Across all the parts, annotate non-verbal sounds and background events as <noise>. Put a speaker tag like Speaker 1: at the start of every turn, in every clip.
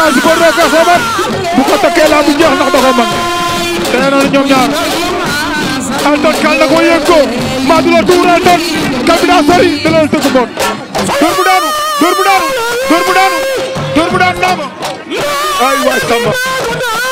Speaker 1: Oustaz bu ko rokkee soo mat bu ko tokkee laa bu da ko mën dana noonu ñoom ñaar Elton kal na ko yëg ko du la tuur Elton kal bi daa sori da la tëgg bon dóor mu daanu dóor mu daanu dóor mu daanu dóor mu daanu naama ay waay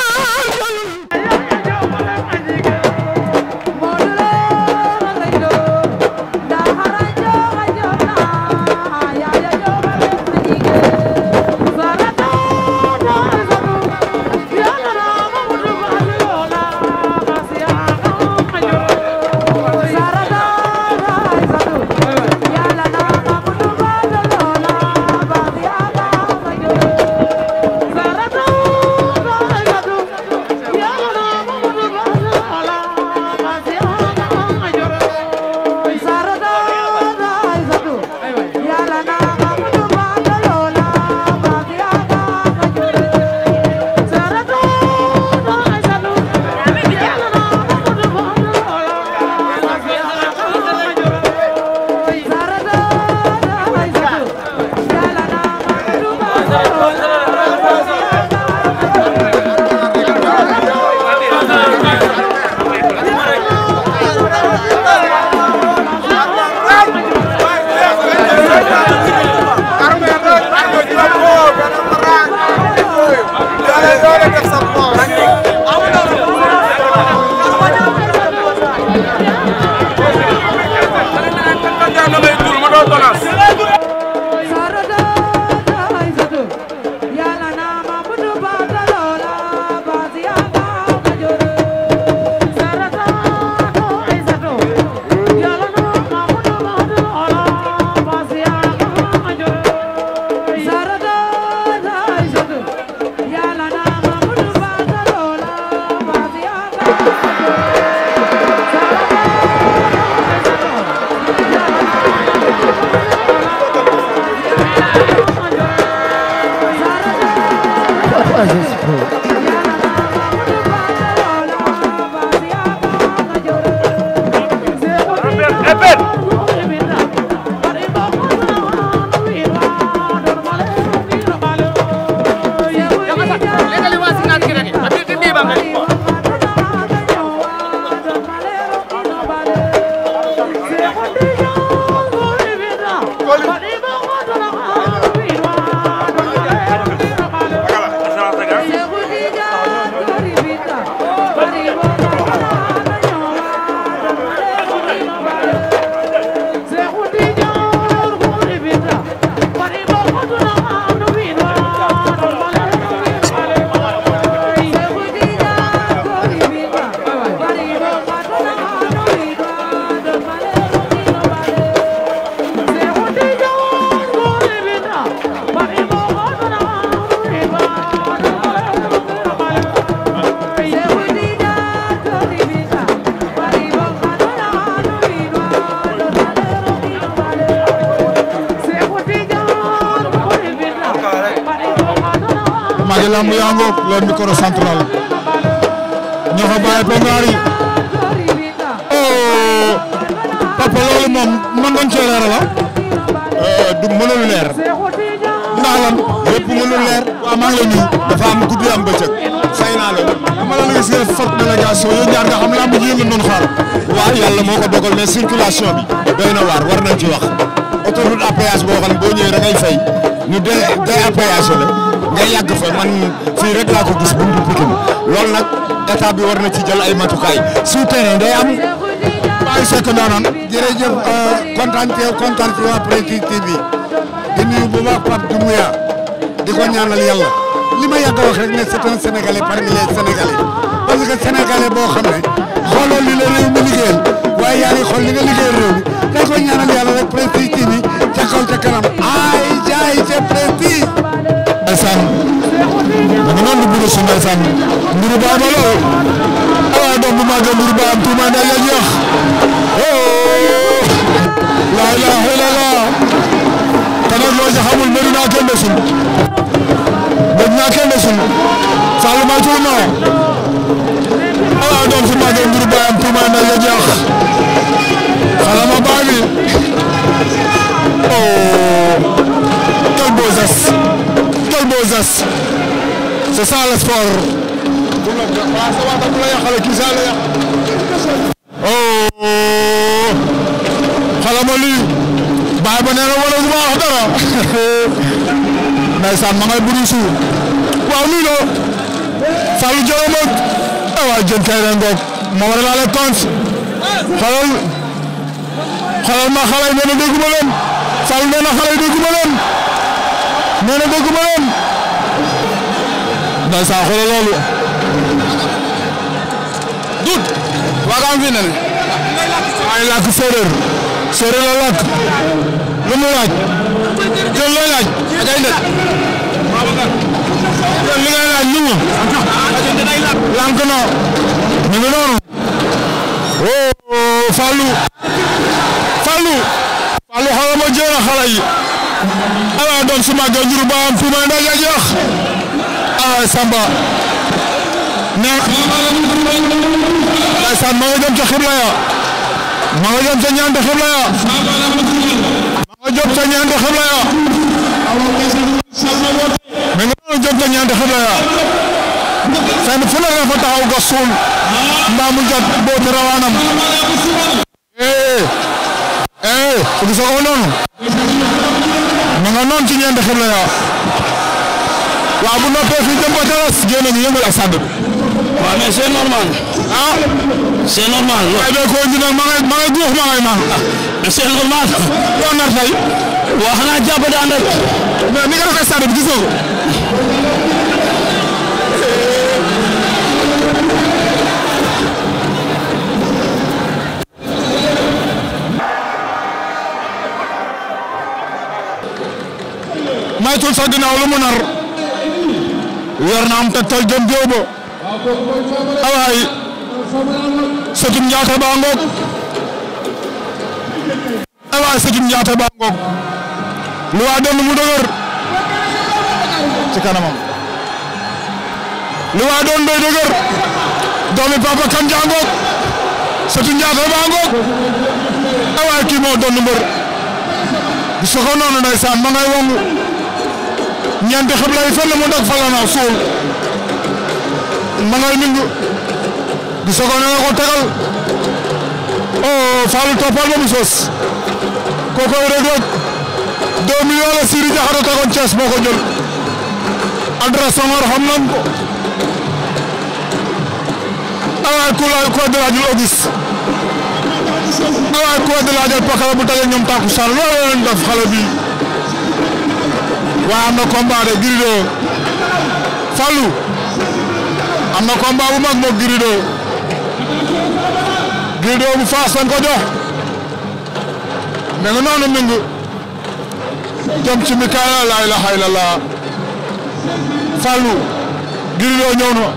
Speaker 1: dara la. Euh, du mënul leer. ndax lan lépp mënul leer. waaw maa ngi lay nuyu. dafa am guddi am bëccëg. fay naa la. dama la gis ngeen forte délégation yooyu ñaar nga xam lamb ji yéen la doon xaar. waaw moo ko dogal mais circulation bi. doy na waar war nañ ci wax. autoroute à péage boo xam ne boo ñëwee da ngay fay.
Speaker 2: ñu de day à péage la. nga man fii rek laa ko gis buntu Pikine loolu nag état bi war na ci jël ay matukaay. souterrain Baye Seck Ndonane. jërëjëf euh, kontaan teew kontaan ci waa Prestige TV di nuyu bu baax Pape Doumbouya di ko ñaanal yàlla li ma yàgg wax rek ne c'est un sénégalais parmi les sénégalais parce que sénégalais boo xam ne xooloo li la réew mi liggéeyal waaye yaa ngi xool li nga
Speaker 3: liggéeyal réew mi dañ ko ñaanal yàlla rek Prestige TV ca kaw ca kanam ay jaay ca Prestige. dama noonu di buru su ndeysaan mburu
Speaker 1: ba am la waaw doom bu màggee mburu ba am tuuma ne lañ wax la ilaha illallah te nag loo ci xamul mbëri naa kenn desul mbëri naa kenn desul Fallou may tuur naa
Speaker 3: waaw doom su màggee mburu ba am tuuma ne lañ wax xalama baa ngi oh quel beau geste multiples beaux gestes c'est ça le sport.
Speaker 1: oh xala ma lii bàyyi ba nee na wala du ma wax dara ndeysaan ma ngay buru suuf waaw lii la Fallou Diallo moom ah waa Dieng kay ren boog ma war a laale compte xoolal xoolal ma xale yi nee na dégguma leen Fallou nee na xale yi dégguma leen nee na dégguma leen ndeysaan xoolal loolu dut waagaam fi ne ne ay làkk séeréer séeréer la lu mu laaj jël looy laaj akay ndet jël li ngay laaj lu mu lànk na mu ngi suma ga njuru baam tuuma nda ja jox ah samba ne ma nga jëm ca xibla ya ma nga jëm ca ñaante xibla ya ma nga jëm ca ñaante xibla ya ma nga jëm ca ñaante xibla ya fenn fu la fa taxaw ga suul mbaa mu jot boobu rawaanam eh eh ko gisoo noonu na noon ci ñeenti xibla yoo waaw bu noppee fii jëm ba Jalas génn ñu yëngal ak sàdd bi. waaw mais c'est normal. ah c'est normal. waaye bee koo indi nag ma ngay ma ngay guux ma ngay naan. mais c'est normal. boo nar tey. waaw xanaa jàpp daan rek. mais ni nga defee sàdd bi gis nga ko.
Speaker 3: maytul sa ginnaaw mu nar
Speaker 1: yor na lu waa dem mu dëgër ci kanamam lu waa doon doy dëgër doomi papa kan jaa ngoog sëtum njaata baa ngoog awaay kii moo doon mbër bu soxla noonu ndeysaan ma ngay wongu ñante xeblay fenn mo fala falana sul mangay mingu gisogo na ko tagal oh falu topal mo sos koko rek rek 2 millions la siri jaxaro tagon ci as moko jël adra samar xamnam ko nah, ala ko la ko dara jël ogis ala nah, ko la jël pakala bu tagal ñom taku sal lo daf xala bi waaye am na combat de Gris 2 am na combat bu mag moog Gris 2 Gris 2 bu faas ko jox mais noonu mingi jëm ci Mikaela laa ilaaha illallah Fallou Gris 2 ñëw na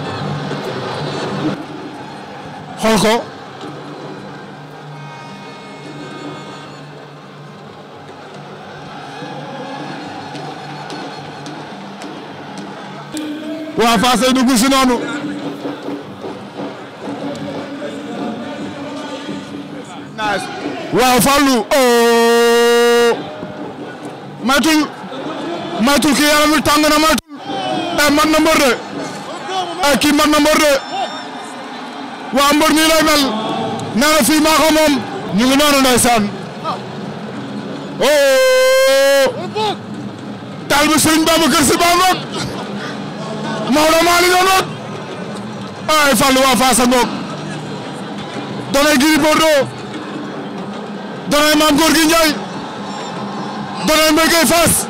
Speaker 1: xool ko. waa Fass ay dugg noonu waaw Fallou oh maytul maytul kii yaram wi tàng ay man eh, na mbër de eh, ay waa mbër mi lay mel nee na fii ngi noonu ndeysaan oh taal bi Serigne Babacar Sy baa Maodo Malick a ay Fallou waa Fass a ngoog donay Gris Bordeaux donay Mame Gorgui Ndiaye donay Mbaye Gueye Fass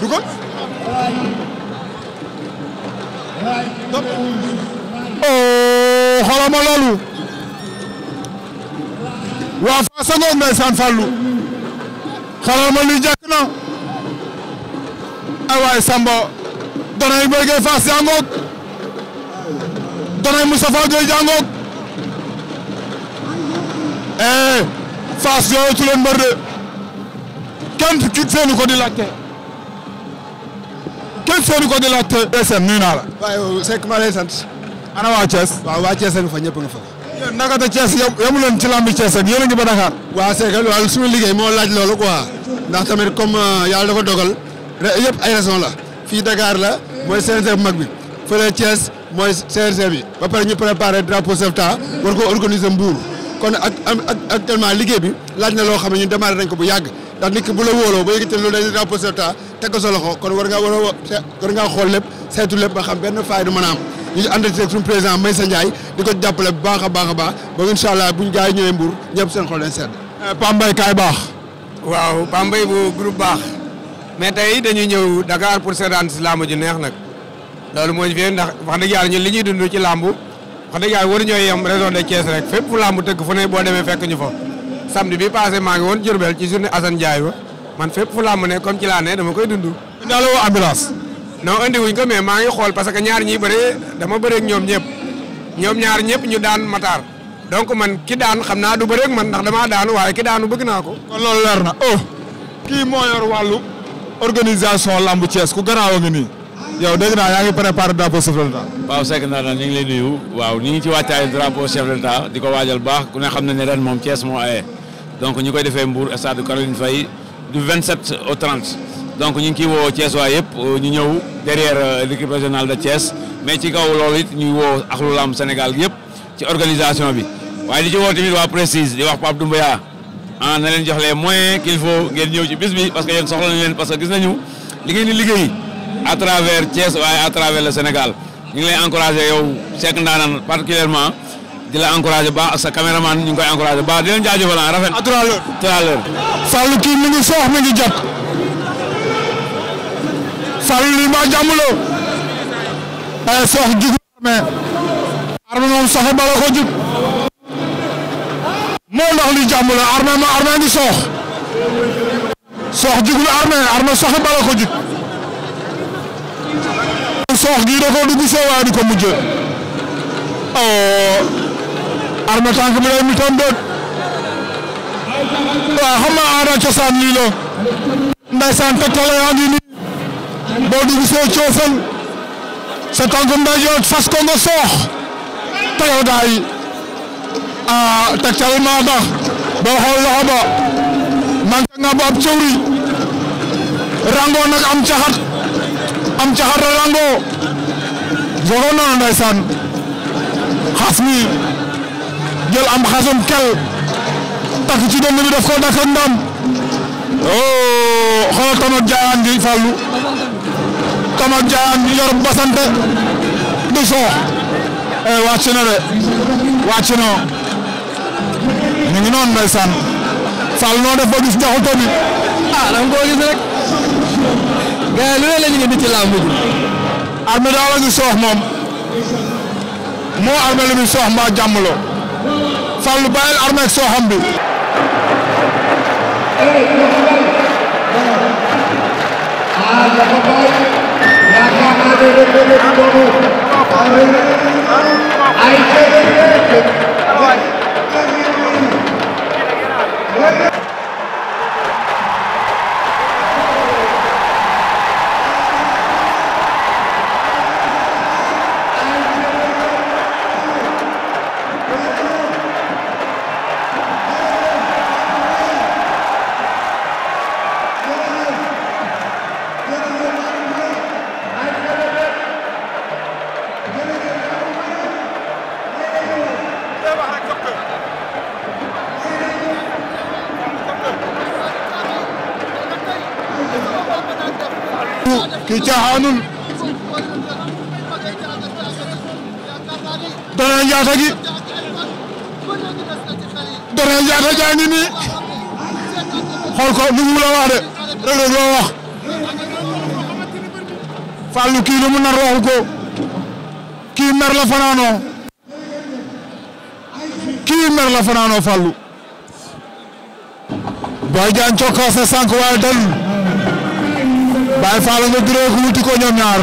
Speaker 1: dugal oh, xoolal ma loolu waa Fass a ngoog ndeysaan Fallou xarama li jekk na ay waay yi donay Mbaye Gueye Fass jàngoog donay Moustapha Gueye jàngoog eh Fass yooyu tu leen mbër de kenn kit seenu ko di laajte kenn seenu ko di laajte. DSM nuyu naa la. waaye Seck maa lay ana waa Thiès. waaw waa fa ñëpp nga fa. naka a Thiès yamu leen ci lambi Thiès ak yéen a ngi ba Dakar. waaw
Speaker 2: c'est que loolu suñu liggéey moo laaj loolu quoi ndax tamit comme euh, yàlla dafa dogal yëpp ay la fii Dakar la mooy CNG bu mag bi fële mooy CNG bi ba pare ñu préparé drapeau CEVTA war ko organiser Mbour kon ak ak actuellement liggéey bi laaj na loo xam ne ñu démarré nañ ko bu yàgg ndax nit ki bu la wóoloo ba yëkkati loolu dañuy drapeau CEVTA teg ko sa loxo kon war ngaa war a war ngaa xool lépp saytu lépp ba xam benn faay du mën a am ñu ngi àndal ci rek suñu président Maysa Ndiaye di ko jàppale bu baax a baax a baax ba incha allah buñ gars yi ñëwee Mbour ñëpp seen xol sedd. Euh, Pambay kaay baax. waaw Pambay bu groupe baax. mais tey dañuy ñëw Dakar pour seetaan si làmb ju neex nag loolu moo ñu fi ndax wax dëgg yàlla ñun li ñuy dund ci làmb wax dëgg yàlla waruñoo yem région de Thiès rek fépp fu làmb tëgg fu ne boo demee fekk ñu fa samedi bi passé maa ngi woon Diourbel ci journée Assane Ndiaye ba man fépp fu làmb ne comme koy dund. daal la woo non andi wuñ ko mee maa ngi xool parce que ñaar ñiy bëree dama bëreeg ñoom ñëpp ñoom ñaar ñëpp ñu daan mataar donc man ki daan xam naa du bëreeg man ndax damaa daanu waaye ki daanu bëgg naa ko. kon loolu leer na oh kii moo yor organisation lambu
Speaker 1: Thiès ku gannaaw a ngi nii yow dégg naa yaa ngi préparé drapeau chef de l'État.
Speaker 4: waaw Seck naa na ñu ngi lay nuyu waaw ñu ngi ci wàccaayu drapeau chef de l'État di ko waajal baax ku ne xam na ne ren moom cee moo aye donc ñi koy defee Mbour stade Caroline Faye du 27 au 30. donc ñu ngi ciy woo Thiès waa yëpp euh, ñu ñëw derrière euh, l'équipe régionale de Thiès mais ci kaw loolu it ñuy woo axlu Sénégal yëpp ci organisation bi waaye di ci woo tamit waa Prestige di wax Pape Doumbouya ah na leen jox les moyens qu'il faut ngeen ñëw ci bis bi parce que yéen soxla nañ leen parce que gis nañu li ngeen di liggéey à travers Thiès waaye à travers le Sénégal ñu ngi lay encouragé yow Cheikh Ndaanaan particulièrement di la encouragé ba sa caméraman ñu ba di leen jaajëfal ah, rafet. à tout à l'heure Fallou
Speaker 1: Fallou lii maa jàmm la ay sox jug mais Armé moom soxe bala sox sox jugul Armé Armé soxe bala ko jug sox gii ko dugg waaye du ko mujjee oh. Armé tànk bi lay mi tam déet waaw xam nga aada cosaan lii la ndaysaan tegtal boo dugg soo coofal sa tànk ndajoor fas ko nga soox te yow daay ah ca lu maa tax boo xool loxo ba manqué nga ba ab cëwri nag am caxat am caxat a rangoo joxoon naa ndeysaan xas mi jël am xasum kel takk ci dënn bi daf ko dakk oh xoolal tam ak jaayaan gi fàllu tam jaayaan gi yor basante du soox eh wàcc na de wàcc na ñu ngi noonu ndeysaan Fall noo def ba gis njaxuto bi ah dama koo gis rek gars lu ne la ñu ngi di ci ji armé daal la soox moom moo armé lu muy soox mbaa jàmm loo Fall bàyyil armé bi
Speaker 3: Thank you.
Speaker 1: du caaxaanul dara xool ko lu mu la wax de wax Fallou kii mu nar waxu ko kii la fanaanoo kii la fanaanoo Fallou Boy cokkaas na sànq waaye dalul Baye Fall nga duree ko wuti ko ñoom ñaar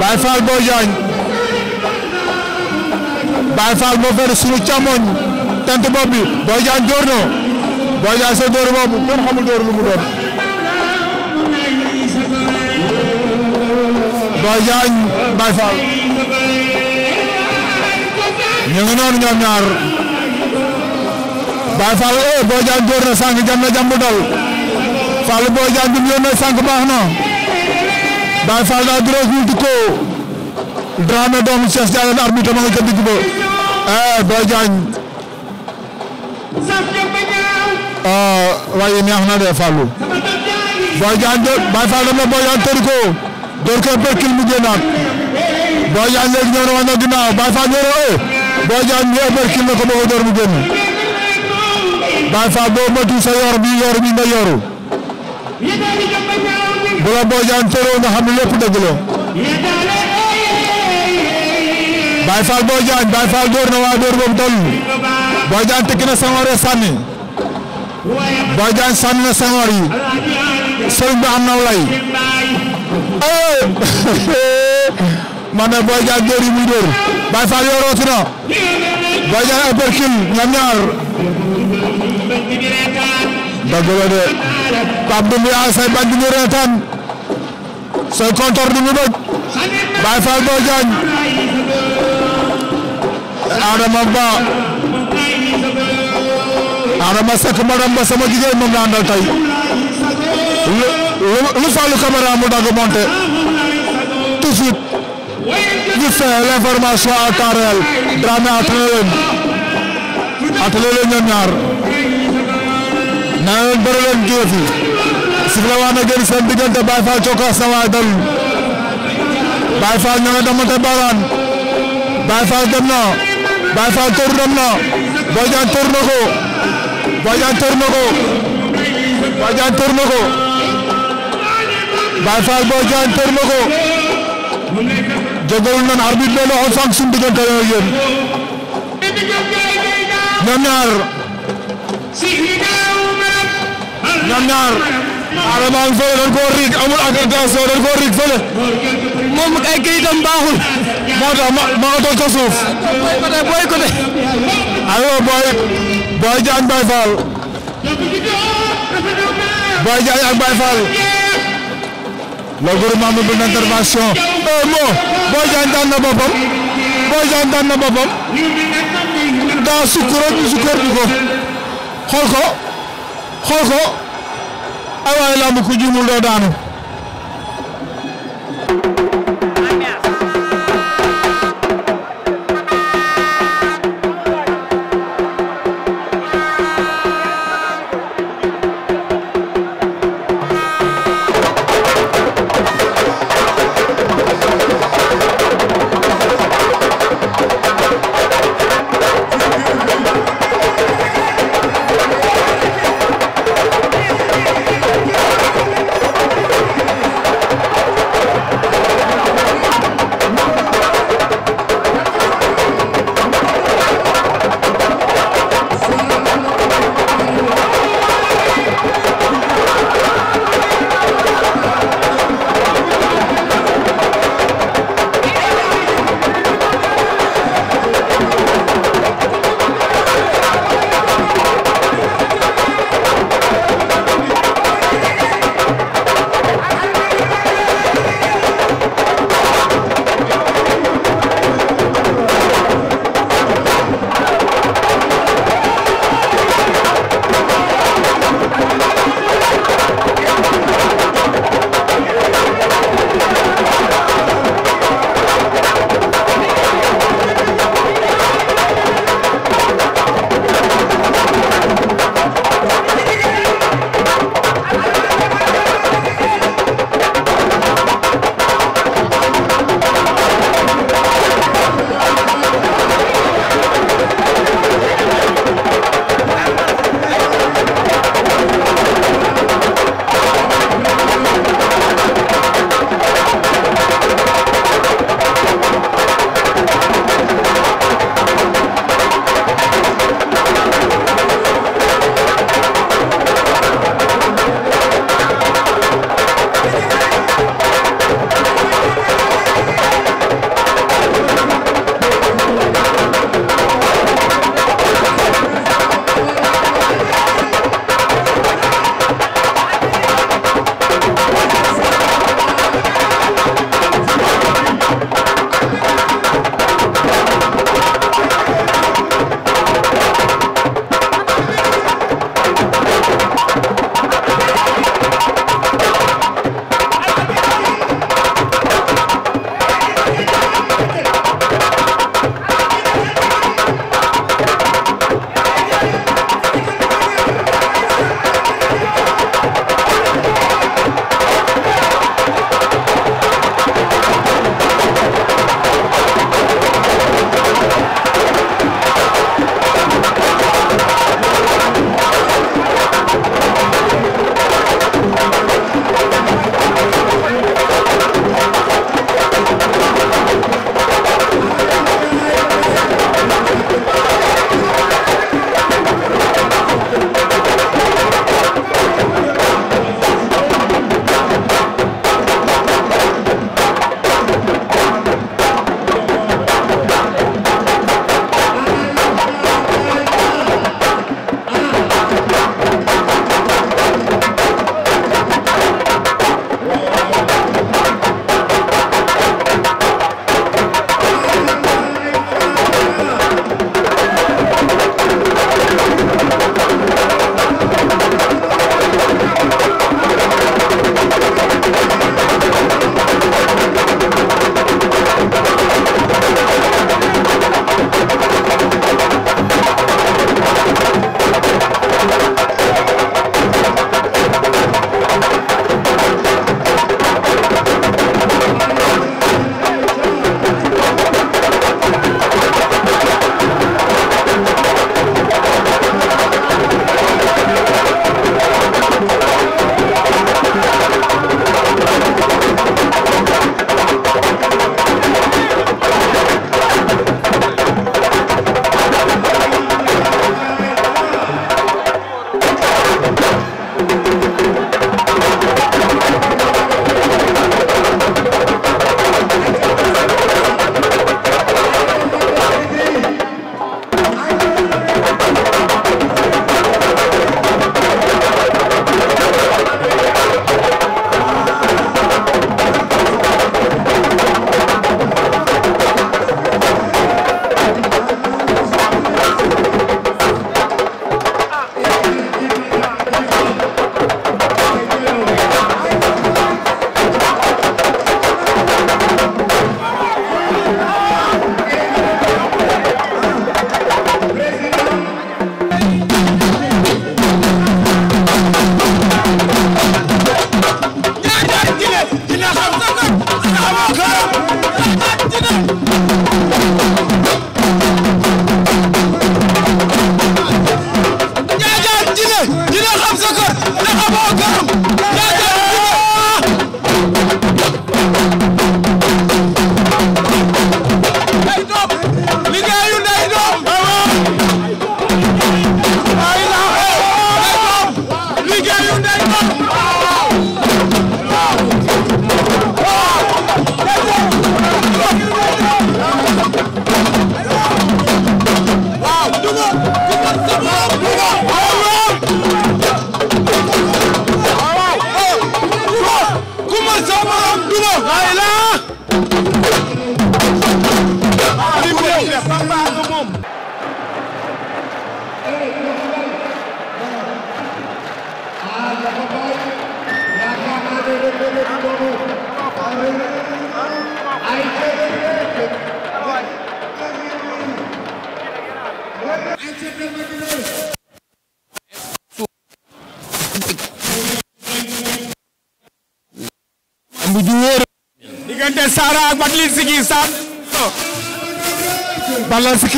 Speaker 1: Baye Fall Boy Diagne Baye Fall moo fere sunu càmmoñ tant bopp bi Boy sa dóor boobu kenn xamul dóor ñoom ñaar Baye Fall eh Boy Diagne door na sànq dal Fallou Boy Diagne bi mu baax na Baye Fall daa gros wul di ko doomu Cheikh Diagne arbitre ma nga ca digg ba eh Boy ah, na de Fallou Boy Diagne de door ko perkil mu génnaat Boy Diagne léegi ñëw na wàññi ginnaaw Baye Fall ñëw na eh Boy Diagne ñëw na ko ba ko door mu génn Baye Fall boo matu wala boo jaan tëroo nga xam ne lépp dëgg la. Baye Fall boo jaan Baye Fall door na waa door boobu toll. boo jaan tekki na sangoor yi sànni. boo jaan sànni na sangoor yi. sëriñ bi am na lay. Eh! <laughs> man de boo jaan door yi muy door. Baye Fall yoo rooti na. boo jaan uppercut ñoom ñaar. dëgg la de Pape Doumbia say bañ di ñu reetaan sooy kontor du mu doj Baye Fall Boy Diagne Adama Ba Adama Seck madam sama jigéen moom la àndal tey lu faalu caméra mu dagg monté tout de suite vite fait l'information en temps réel Dramé attelé leen attelé leen ñoom ñaar na leen bëri sifle waa na génn seen diggante Baye Fall Cokaas na waaye dalul Baye Fall ñoo ngi damante baraan Baye Fall dem na Baye Fall tóor dem na Boy Diagne tóor na ko Boy na ko Boy Diagne tóor na ko Baye Fall Boy Diagne Adama am fële dañ koo riig amul accréditation dañ koo riig fële. moom ay këyitam baaxul. moo tax ma ma ko toj ko suuf. boycotté boycotté. aywa booy booy Diagne Baye Fall. booy Diagne ak Baye Fall. le groupement mobile d'intervention. Euh, moo booy Diagne daan na boppam. booy Diagne daan na boppam. daa sukk rek ñu sukkandiku ko. xool ko xool ko. ay waaye lamb ku juumul doo daanu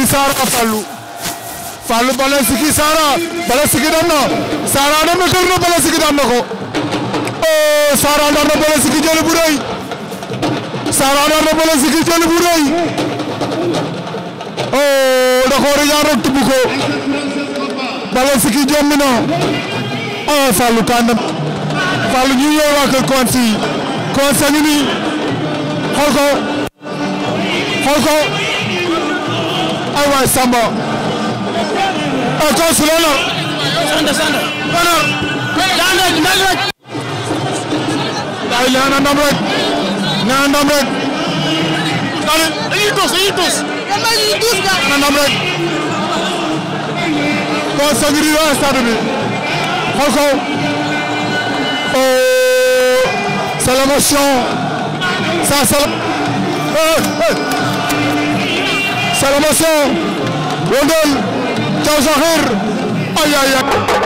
Speaker 1: Sara Fallou Fallou Balla Siki Sara Balla Siki daan na Sara daan ko Sara daan na Balla Siki eh, bu rëy Sara daan na Balla Siki jëli bu
Speaker 3: eh, da koo rijaar rek tubb ko
Speaker 1: Balla Siki na oh Fallou tànnam Fallou ñu ñëw Koonsi Koonsi a ngi nii xool ko ay waay Samba oh, ay consul honneur sanda sanda honneur daan rek ndam rek ay leena ndam rek neena ndam rek daan dañuy tos dañuy tos dama ñu tos ga neena ndam rek ko sangri wa stade bi xool ko oh c'est l'émotion ça c'est oh, oh. Salama Sow Wondol Thiaw Sakhir
Speaker 3: ay ay ay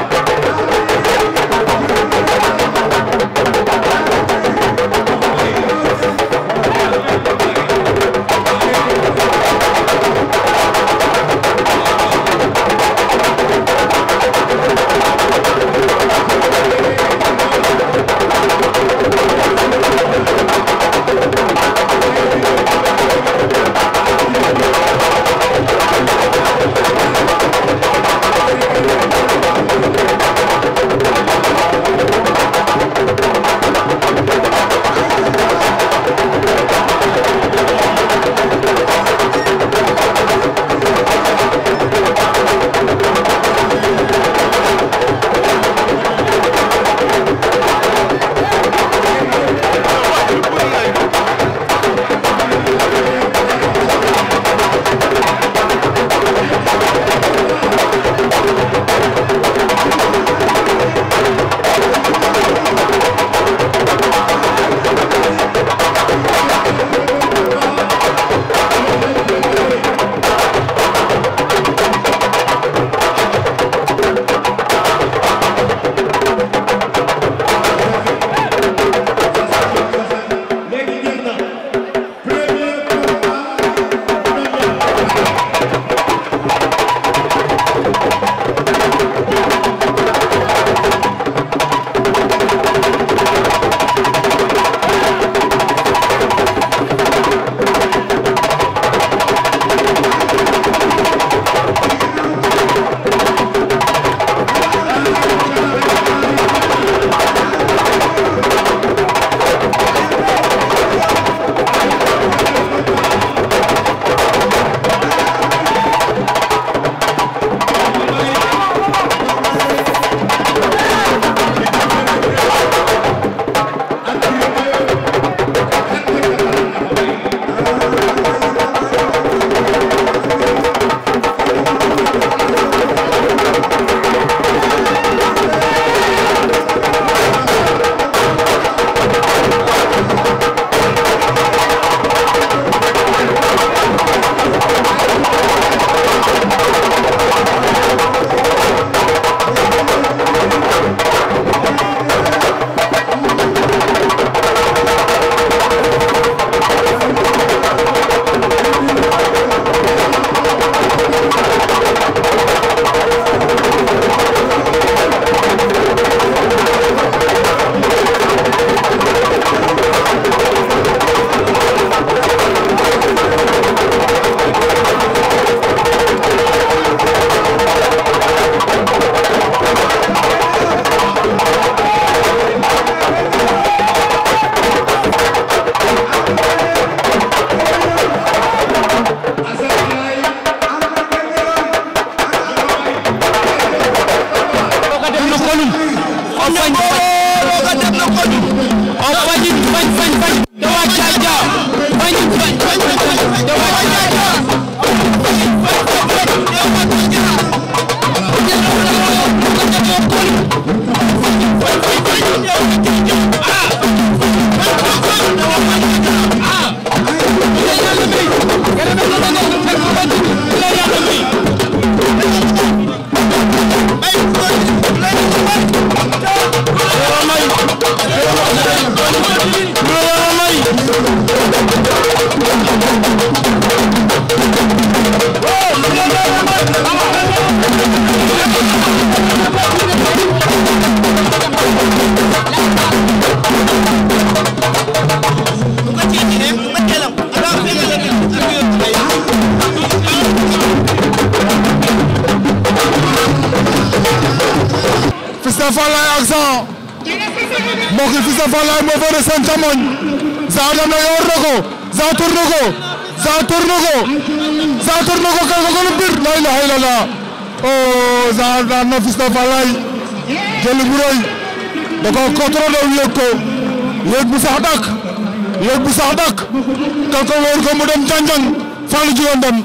Speaker 1: dal ko wóor ko mu dem jàng-jàng Fallou Diouf dem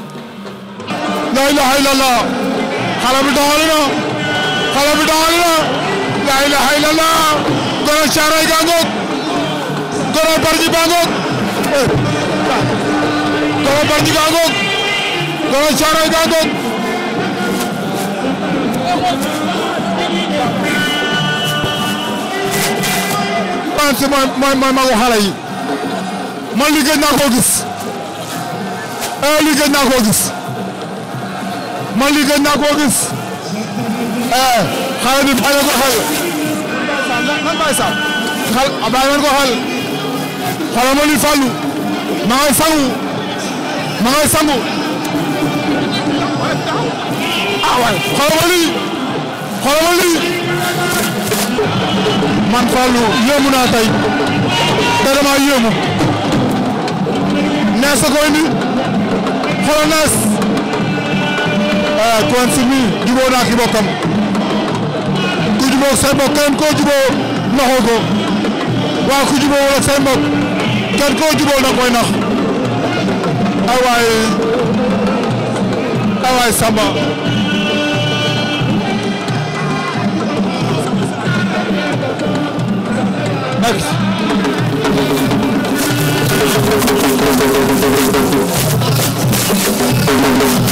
Speaker 1: la ilaha illallah xale bi doxal na xale bi doxal na la ilaha illallah goro caaray gaa ngoog goro barji baa ngoog goro barji gaa ngoog goro caaray gaa ngoog mooy mooy magu xale yi man li gëj naa koo gis eh li gëj naa koo gis man li gëj naa koo gis eh xale bi bàyyi ko xel. man bàyyi sax xel bàyyi leen ko xel xoolal ma li fàllu ma ngay sangu ma ngay sangu
Speaker 3: ah waay xoolal ma lii xoolal ma lii
Speaker 1: man fàllu yéemu naa tey te dama yéemu. naas a ko indi xoolal naas ah kon si mi jubóo bokkam ku jubóo say kenn koo jubóo naxoo ko waaw ku jubóo wala say kenn koo jubóo da koy nax ah ah Thank you.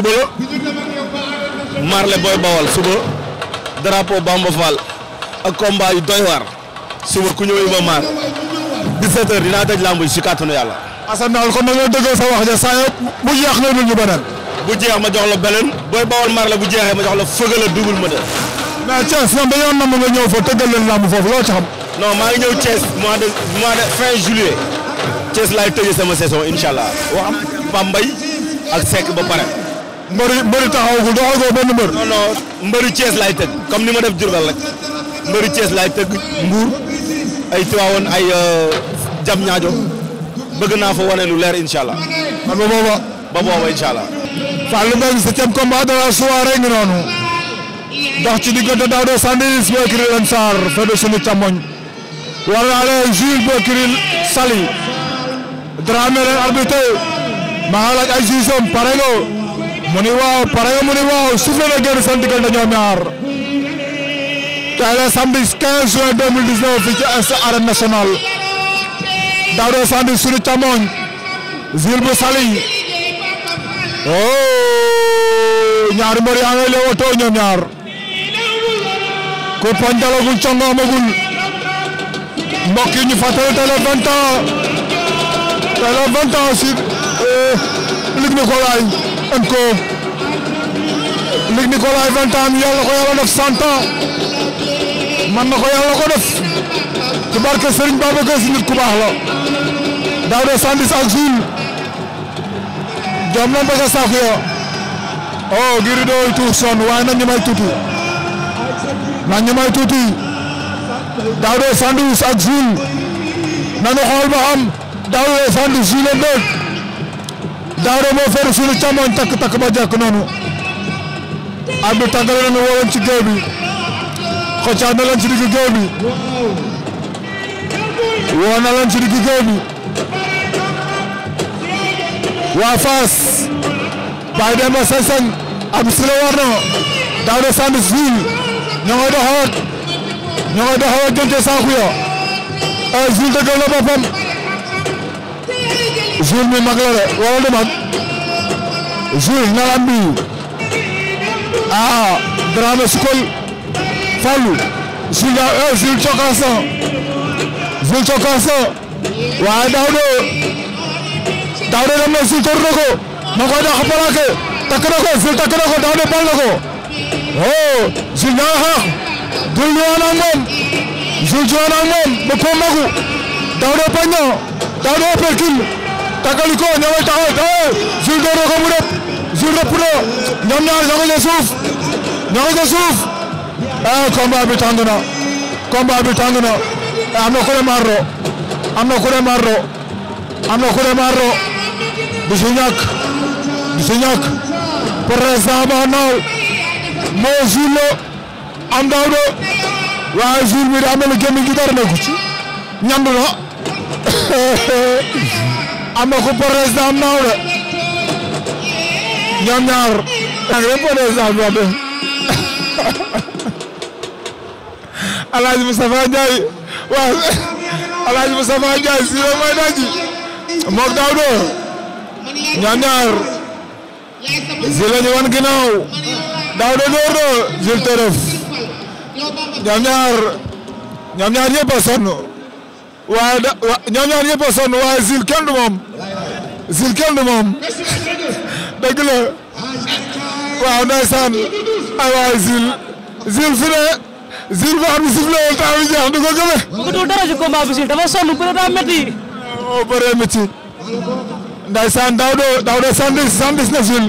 Speaker 1: suba
Speaker 2: la
Speaker 4: Marley Boy Bawal suba drapeau Bamba Fall ak combat yu ñëw Iba Mar dinaa daj lamb yi si kàttanu yàlla. Assane Naoune kon dañoo dëggal sa wax ja saa yëpp bu jeex nga dul ñu jeex ma jox la beneen Boy Bawal Marley
Speaker 2: bu jeexee ma jox la fëgal a double moteur.
Speaker 1: mais Thiès ñoom dañoo nam nga ñëw fa tëggal
Speaker 2: leen lamb foofu loo ci
Speaker 4: xam. non maa ngi ñëw mois de mois de fin juillet Thiès laay tëjee sama saison incha allah wax Pambay ak Seck ba mbëri mbëri taxawagul doxagoo benn mbër. non non mbëri Thiès laay tëgg comme ni ma def Diourbel rek mbëri Thiès laay tëgg Mbour ay Tivaouane ay jam euh, ñaajo bëgg naa fa wane lu leer incha allah. ba booba. ba booba incha allah. Fallou Mbengue septième combat de la soirée
Speaker 1: ngi noonu. dox ci diggante Daouda Sandwich boo kiril Ansar fële suñu càmmoñ. war naa leen Jules boo kiril Sali. Dramé leen arbitre maa ngi ay juge am mu ni waaw pare nga mu waaw soufflé na génn seen diggante ñaar tey la samedi 15 juin 2019 fii ci arène nationale bu Sali oh ñaari mbër yaa ngay ñaar ku poñ dalagul congo amagul mbokk yi ñu fàttali tey la 20 ans tey la 20 am ko Luc Nicolaï vingt ans yàlla na ko yàlla def cent
Speaker 3: ans man na ko yàlla ko def
Speaker 1: ci barke Serigne Babacar Sy nit ku baax la
Speaker 3: Daouda Sandis
Speaker 1: ak Jules jom na bëgg a sàkku ya oh Gris 2 waaye nañ ñu may tuuti nañ ñu may tuuti
Speaker 3: Daouda Sandis ak Jules
Speaker 1: nañu xool ba xam Daouda Sandis Jules la Daawda moo feru suñu càmmoñ takk takk ba jàkk noonu Abdou tàggale nañu woowoon ci géew bi xoccaat na leen ci digg géew bi woo na leen ci digg géew bi waa Fass Baye Demba Sassane Abdou Sile war na fii ñoo ngi doxawaat ñoo ngi doxawaat jënte saaku ya ay Jules Jules mi mag la de wala ah, na lambi ah Dramé Sukol Fallou Jules da eh Jules cokaas na Jules cokaas na waaye Daouda na ko ma koy dàq plaqué takk na ko Jules takk na ko Daouda bal na ko oh Jules ñaar xaax Jules ñëwaat naa moom Jules ñëwaat naa moom ba Pogh Magu Daouda bañ na Daouda perkil takaliko ñëwal taxaw taxaw Jules door na ko mu rëpp Jules rëpp na ñoom ñaar ñoo ko ca suuf ñoo ko ca suuf ah combat bi tàng na combat bi tàng na eh, am na ku ne marro am na ku ne marro am na ku ne marro du si ñàkk du si ñàkk président ba naaw moo Jules la am daaw de waaye Jules bi daa mel ni gémmiñ gi dara nekku ci ñandu na <coughs> eh, am na ku président naaw de ñoom ñaar ak yëpp président bi wax de <laughs> Alaaji Moustapha Ndiaye waaw
Speaker 3: Alaaji Moustapha Ndiaye si yow may daji moog daaw de ñoom ñaar si la
Speaker 1: ñu wan ginnaaw daaw de door de jël tërëf ñoom ñaar ñoom ñaar yëpp a waaye da ñoom ñaar ñëpp a sonn waaye Zil kenn du moom Zil kenn du moom dëgg la waaw ndeysaan ay waay Zil Zil fi ne Zil ba xam ne suuf la Zil dafa sonn oh, bëre daa métti. waaw bëree métti ndeysaan daaw de daaw de cent dix cent Zil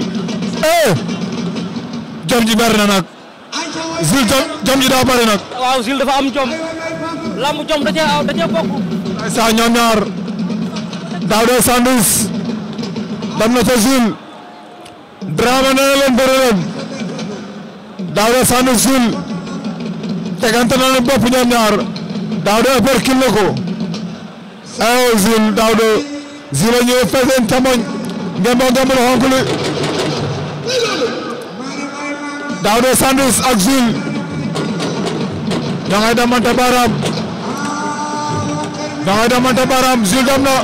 Speaker 1: eh jom ji bari na nag Zil jom ji dafa am jom. lamb jom da cee da cee ndeysaan ñoom ñaar Daouda Sandwich na ca Jules Dramé nee na leen bëre leen Daouda Sandwich Jules tegante na leen bopp ñoom ñaar Daouda uppercut na ko ayo Jules Daouda Jules a ñëw fee seen camoñ ngeen boo ngeen mën a xonk li Daouda ak Jules da ngay demante da ngay demante baram Jules dem na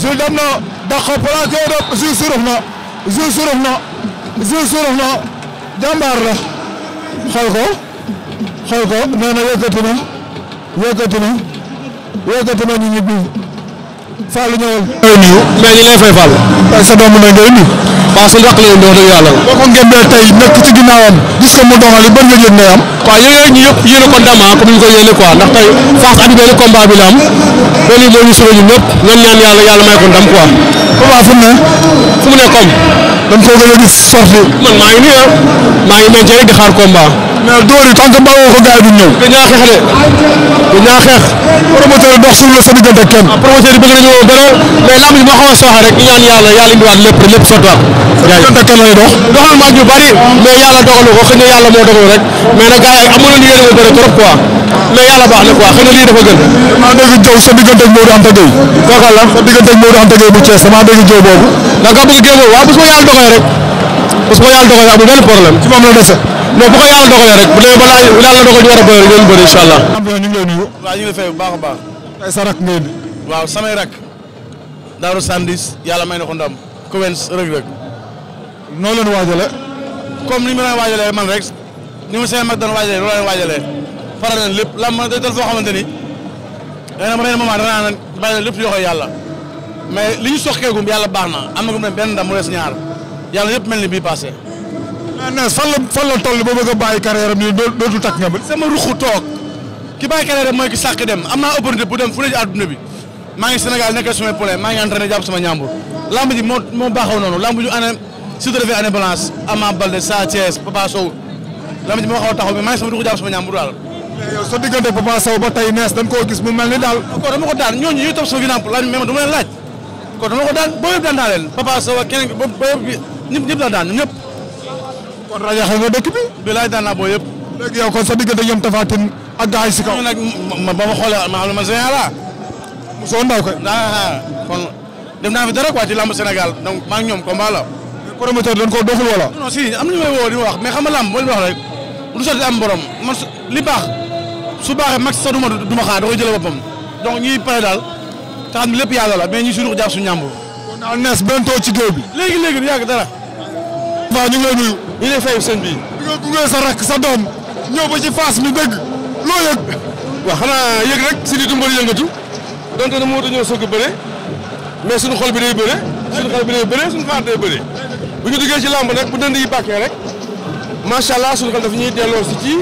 Speaker 1: Jules dem na dàq plaqué suruf na Jules suruf na Jules suruf na jàmbaar la xool ko xool ko nee na yëkkati na
Speaker 3: yëkkati ñibbi Fallou ñëwal.
Speaker 1: ñooy nuyu mais ñu lay fay Fallou. waaye sa doomu nag ngay indi. waaw suñu raq la indi wax dëgg yàlla. boo ko ngembee tey nekk ci ginnaawam gis ko mu doxali ban nga yëg ngay am. waaw yooyu yëpp ñu yëpp yéen a ko ah, ñu ko yéene am ba nii ñu sori ñun ñëpp ñoom ñaan yàlla yàlla may ko ndam quoi. comment fu mu fu mu ne comme. dañ koo gën a gis sorti. man maa ngi nii ah. maa ngi mën cee rek xaar combat. mais dóor yi tant que bawoo ko gars yi duñ ñëw. dañ ñaa xeex de dañ ñaa xeex. promoteur dox suñu sa diggante kenn. Ah, promoteur yi bëgg moo xaw a sooxe rek ñu ñaan
Speaker 2: yàlla yàlla indiwaat lépp lépp sottiwaat. yaa ngi dox doxal maa ñu bari mais yàlla dogalu ko xëy na yàlla moo dogalu rek mais nag gars yi a lu yéene bëre trop quoi mais yàlla baax na quoi xëy na lii dafa
Speaker 1: gën. maa bu Thiès maa dégg Diop boobu. da nga bëgg géewoo waaw bu su ma rek bu su ma yàlla dogalee amul benn problème ci moom la non bu ko yàlla dogalee rek bu demee ba laaj yàlla dogal ñu war
Speaker 4: a bëri ñu allah. ñu ngi lay nuyu. waaw ñu ngi lay baax a baax. ay sa rak ngeen. waaw samay rak. Daaru Sandis yàlla may na ko ndam. Covens Reug Reug. noo leen waajalee. comme ni ma leen man rek ni ma seen mag doon waajalee loolu leen waajalee. faral leen lépp lam ma day dal xamante ni. nee na ma nee na maman danaa naan bàyyi leen lépp yoo xam yàlla. mais li ñu soxkeegum yàlla baax na am na ku ne benn ndam mu des ñaar yàlla yëpp mel ni bii passé mais fan la fan la toll ba bëgg a bàyyi carrière am nii dootul takk nga ba. sama ruxu toog ki bàyyi carrière am mooy ki sàkk dem am naa opportunité bu dem fu ne ci àdduna bi maa ngi Sénégal nekk sama problème maa ngi entraîné jàpp sama ñaambur lamb ji moo moo noonu lamb ju année su ko defee balance Ama Baldé Sa Thiès Papa Sow lamb ji moo xaw a taxaw maa ngi sama ruxu jàpp sama ñaambur daal. mais yow sa Sow ba tey nees dañ koo gis mu mel ni daal. d'accord dama kon rajaxe nga dëkk bi. bilaay daan naa booy yëpp. léegi yow kon sa diggante ñoom Tapha Tine ak gaay si kaw. nag ma ba ma xoolee ma xam laa. mosoo ndaw kay. Ah, kon dem naa fi la. promoteur dañ koo doxul wala. non si am na ñu may woo di ma wax mais xam nga lamb mooy li ma wax rek lu sotti am borom man li baax su baaxee max sax du ma du ma xaar da koy jëlee boppam donc ñiy pare daal te xam ne lépp yàlla la mais ñi suñu ko jàpp suñu ñàmbur. kon daal nees benn too ci léegi léegi du yàgg dara waa ñu ngi lay nuyu. ñu ngi lay fay sëñ bi.
Speaker 3: nga
Speaker 2: gunge sa rakk sa doom ñëw ba ci face mi dëgg loo yëg. waaw xanaa yëg rek si di dimbali yëngatu donte ne moo tax ñoo soog a bëre mais suñu xol bi day bëre suñu xaar day bëre bu ñu duggee ci làmb nag bu dënd yi bàkkee rek macha
Speaker 1: allah suñu xel daf ñuy delloo si ci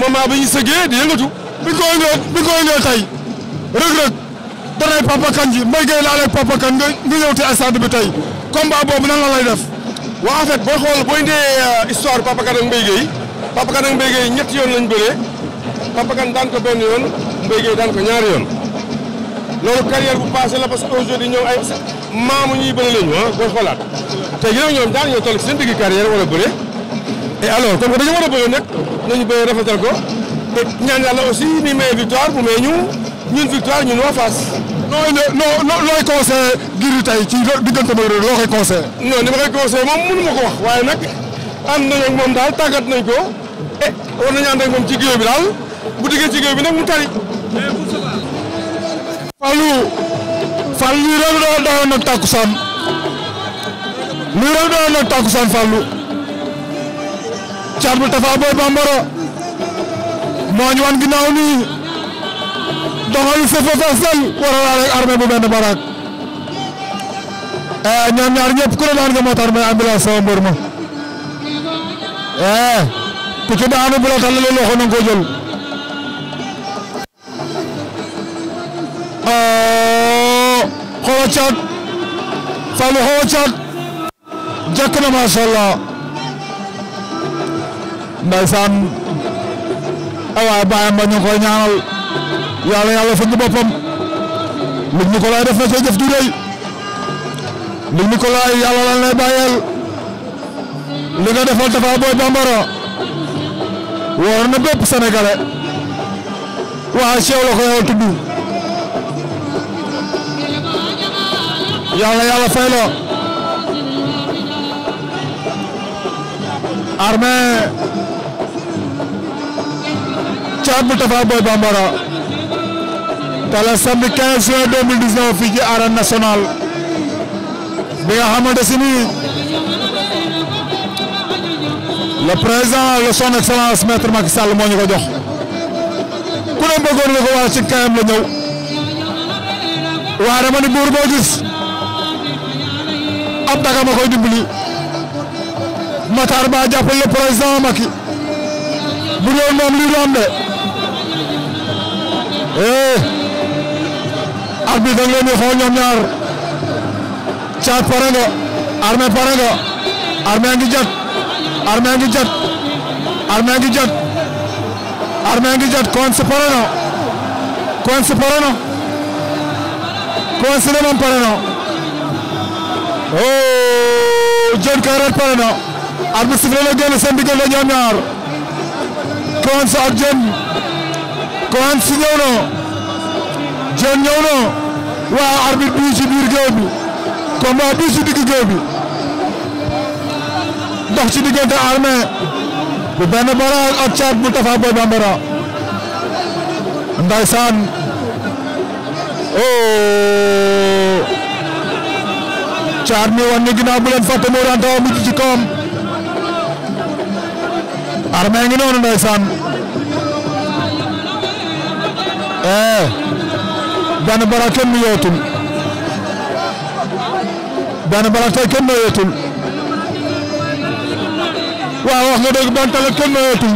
Speaker 1: moment bi ñu sëggee di yëngatu. bi ko indee bi ko indee tey rëg-rëg Papa Kane ji mbéy gay laa lay Papa Kane nga nga ñëw te stade bi tey
Speaker 2: combat boobu na la lay def. waafet en xol booy xool euh, histoire Papa kan ak Mbaye Papa kan ak Mbaye ñet yoon lañu bëree Papa kan daan ko ben yoon Mbaye Guèye daan ko ñaar yoon lolu carrière bu passé la parce que aujourd'hui ñoom ay maamu ñi bëri lañu ha ah, booy xolat té yow ñoom daan ñoo toll seen digi carrière wala bëree et alors comme que dañu wara a nak nañu rafetal ko te ñaan yalla aussi ni may victoire bu may ñu
Speaker 1: ñun victoire ñun wa face nooy noo nooy conseillé ngir tey ci diggante mooy loolu loo koy conseillé. non ni ma koy conseillé moom mënu ma ko wax waaye nag ànd nañ ak moom daal tàggat nañ ko e war nañu ànd ak moom ci géew bi daal bu diggee ci géew bi nag mu tari. Fallou Fallou lii rek doon doon na takkusaan lii rek doon na takkusaan Fallou Thiat bu Tapha Boy Bambara moo ñu wan ginnaaw nii. doxal sëfa fasal waral rek armée bu benn barak eh ñoom ñaar ñëpp ku ne daan nga moo tax may ambulance eh, ku ci daanu bu la tàllalee na nga ko jël eh, xoolal caat Fallou xoolal caat jàkk na macha allah ndaysaan eh, ba ñu koy ñaanal yàlla yàlla fëgg boppam Luc def na ca jëf ju rëy Luc Nicolaï yàlla lan lay bàyyeel li nga defal dafa booy bambara war na bépp sénégalais waa Cheikh la ko yow tudd yàlla yàlla fay la armée caat bu bambara tala samedi 15 juin 2019 fii ci arène nationale bi nga xamante si nii président le son excellence maître Macky Sall moo ñu ko jox ku ne bëggoon na ko waa ci kayam la ñëw waaye dama ni buur boo gis ab daga ma koy dimbali Matar Ba jàppale le président Macky bu doon moom lii du am de. Eh, arbitre da ngeen di xool ñoom ñaar caat pare nga armée pare nga armée ngi jot armée ngi jot armée ngi jot armée ngi jot kon si pare na kon si pare na kon si demam pare na oh jot karet pare na arbitre sifflé na génn seen diggante ñoom ñaar kon si ak jën kon si ñëw na jën ñëw na waaw arbitre bi ci biir géew bi combat bi ci digg géew bi dox ci diggante Armé bu benn bara ak caat bu tafa boy bambara ndaysaan oh caat mi wan ni ginnaaw bu leen fàtte moo daan tawa mujj ci kawam Armé ngi noonu ndaysaan eh Dany Balak kenn noyyootul Dany Balak tey kenn noyyootul waaw wax nga dëgg Dany Talla kenn noyyootul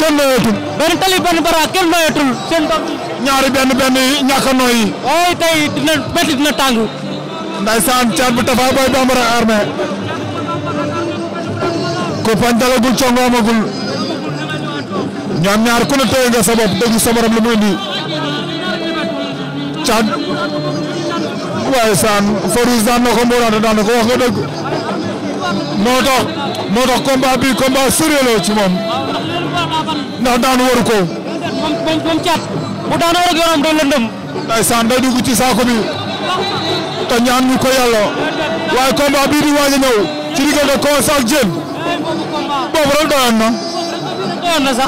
Speaker 1: kenn noyyootul. Dany Talla benn Balak kenn noyyootul seen bopp. ñaari benn benn yi ñàkk a noyyi. waaye tey dina métti dina tàng. ndaysaan caat bambara armé. ku pañ dalagul congo amagul. ñoom ñaar ku ne tëye nga sa bopp dégg sa Thiat waaye saan Farouz daan na ko Mborante daan na ko wax nga dëgg moo tax moo tax combat bi combat sérieux la ci moom
Speaker 3: ndax daan waru ko. moom moom moom daan war
Speaker 1: ak yoonam day lëndëm. waaye ci ko di waaj a ñëw ci diggante
Speaker 3: Kosa na.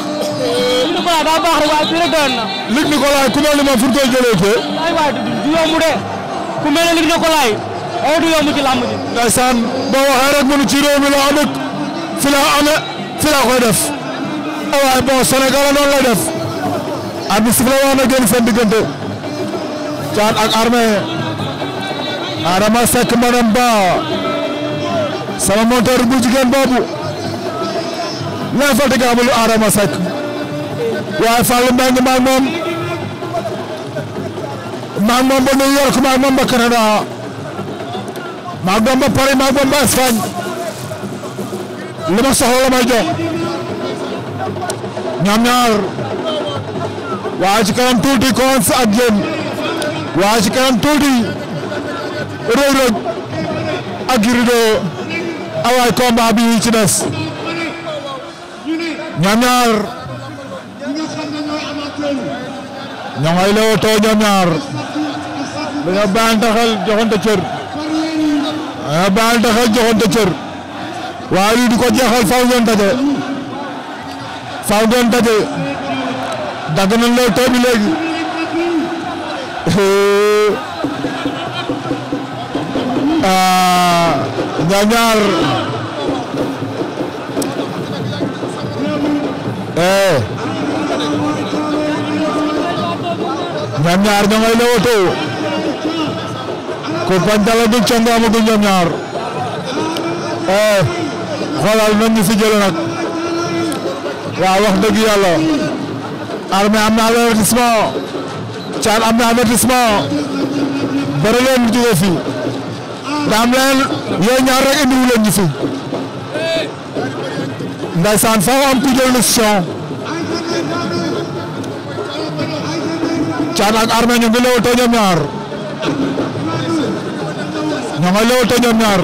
Speaker 1: Luc Nicolai ku mel ni moom fu ñu koy jëlee ko. waay waay du yomb ku mel ne Luc Nicolai eh, du yomb ci làmb ji. ndeysaan boo waxee rek mënu ci réew mi laa amee koy def eh, waaye bon Sénégal def ab bisimilah wax na génn seen diggante Thiat ak Armée Adama Seck manam ba sama monteur bu jigéen boobu laafal di nga amul Adama Seck. waaye Fallou Mbengue maa ngi moom maa ba New York ba Canada maa ba Paris maa ma
Speaker 3: soxla la may jox ñoom ñaar
Speaker 1: waaye ci tuuti Quench ak waaye ci tuuti
Speaker 3: Reug Reug ak Gris 2 awaay combat ci des ñoom ñaar
Speaker 1: ñoo ngay leewtoo ñoom ñaar
Speaker 3: dañoo baante
Speaker 1: xel joxante cër dañoo baante waaye lii du ko jeexal faaw ngeen daje faaw ngeen daje dagg nañ leewtoo bi léegi
Speaker 3: <laughs> ah ñoom ñaar eh.
Speaker 1: ñoom ñaar ña ngay lewatoo ku bañ dala dug ca nga amagul ñoom ñaar eh xoolal nañ ñu fi jëlee wax dëgg yàlla armée am na avertissement caan am na avertissement bëri leen lu jóge fii leen yooyu ñaar rek indiwu leen ñu fi ndaysaan faaw am ku jël décision Thiane ak Armé ñu ngi leewtoo ñoom ñaar ñoo ngi leewtoo ñoom ñaar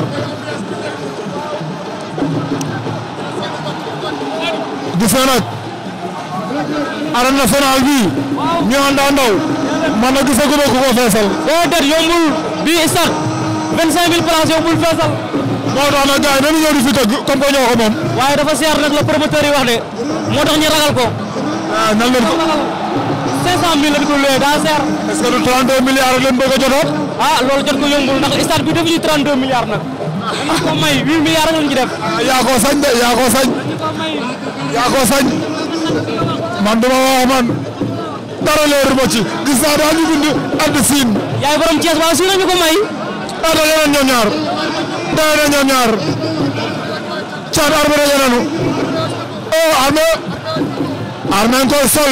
Speaker 1: gis nga nag arène nationale bi ñu àndaandaw man na gis nga ko ko feesal. boo det yombul bi sax vingt cinq mille places yombul feesal. moo tax nag gars yi dañu ñëw di fi tëgg ñoo ko waaye dafa seer nag la promoteur wax de moo tax ñu ragal ko. waaw ah, nan Sambil mille lañ ko loué
Speaker 2: daa seer. est ah loolu jot ko yombul ndax stade bi defuñu 32 milliards nag. dañu ko may 8 milliards lañ ci def. ah yaa ko sañ de yaa ko sañ. yaa ko sañ. man dama wax man. dara leer ma ci.
Speaker 1: gis naa daal ñu bind ànd siin.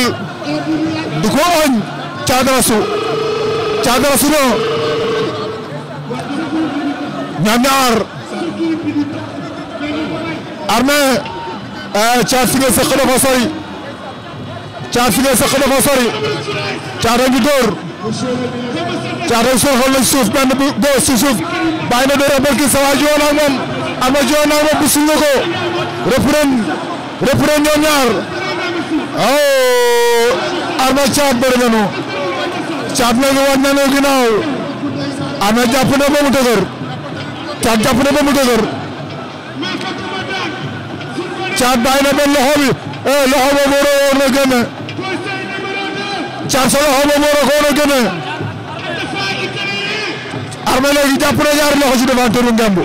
Speaker 3: oh dugu oñ caadarasu caadarasu no
Speaker 1: ñoom ñaar Armé caat fi nga sëq na ko sori caat fi nga sëq na ko sori
Speaker 3: caat a ngi dóor caat a ngi suufal na
Speaker 1: suuf na dóor a barki waa jiwoon ak moom am na bu suñ ko reprendre
Speaker 3: reprendre ñoom Armé
Speaker 1: Thiat bëri nañu Thiat léegi wañ nañu ginnaaw Armé jàpp na ba mu dëgër Thiat jàpp na ba loxo eh, loxo boobu moo waroon a sa loxo boobu moo waroon a génne Armé léegi jàpp na ñaari loxo ci devanteeru ngemb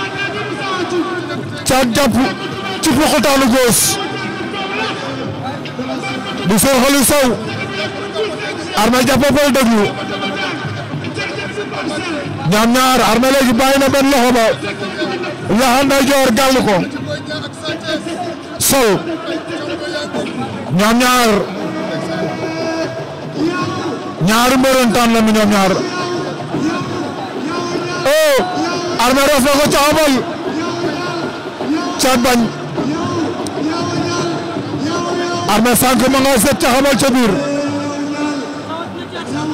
Speaker 1: Thiat jàpp ci poxotaanu góos
Speaker 3: bu soor xolu saw Armé jàppal déglu ñoom ñaar Armé léegi bàyyi na benn loxo ba loxo ndeyjoor gàll ko sol
Speaker 1: ñoom ñaar ñaari mbërëntaan lañu ñoom ñaar oh Armé roof na ko ca abal ca bañ
Speaker 3: Armé sànq ma nga set ca abal ca biir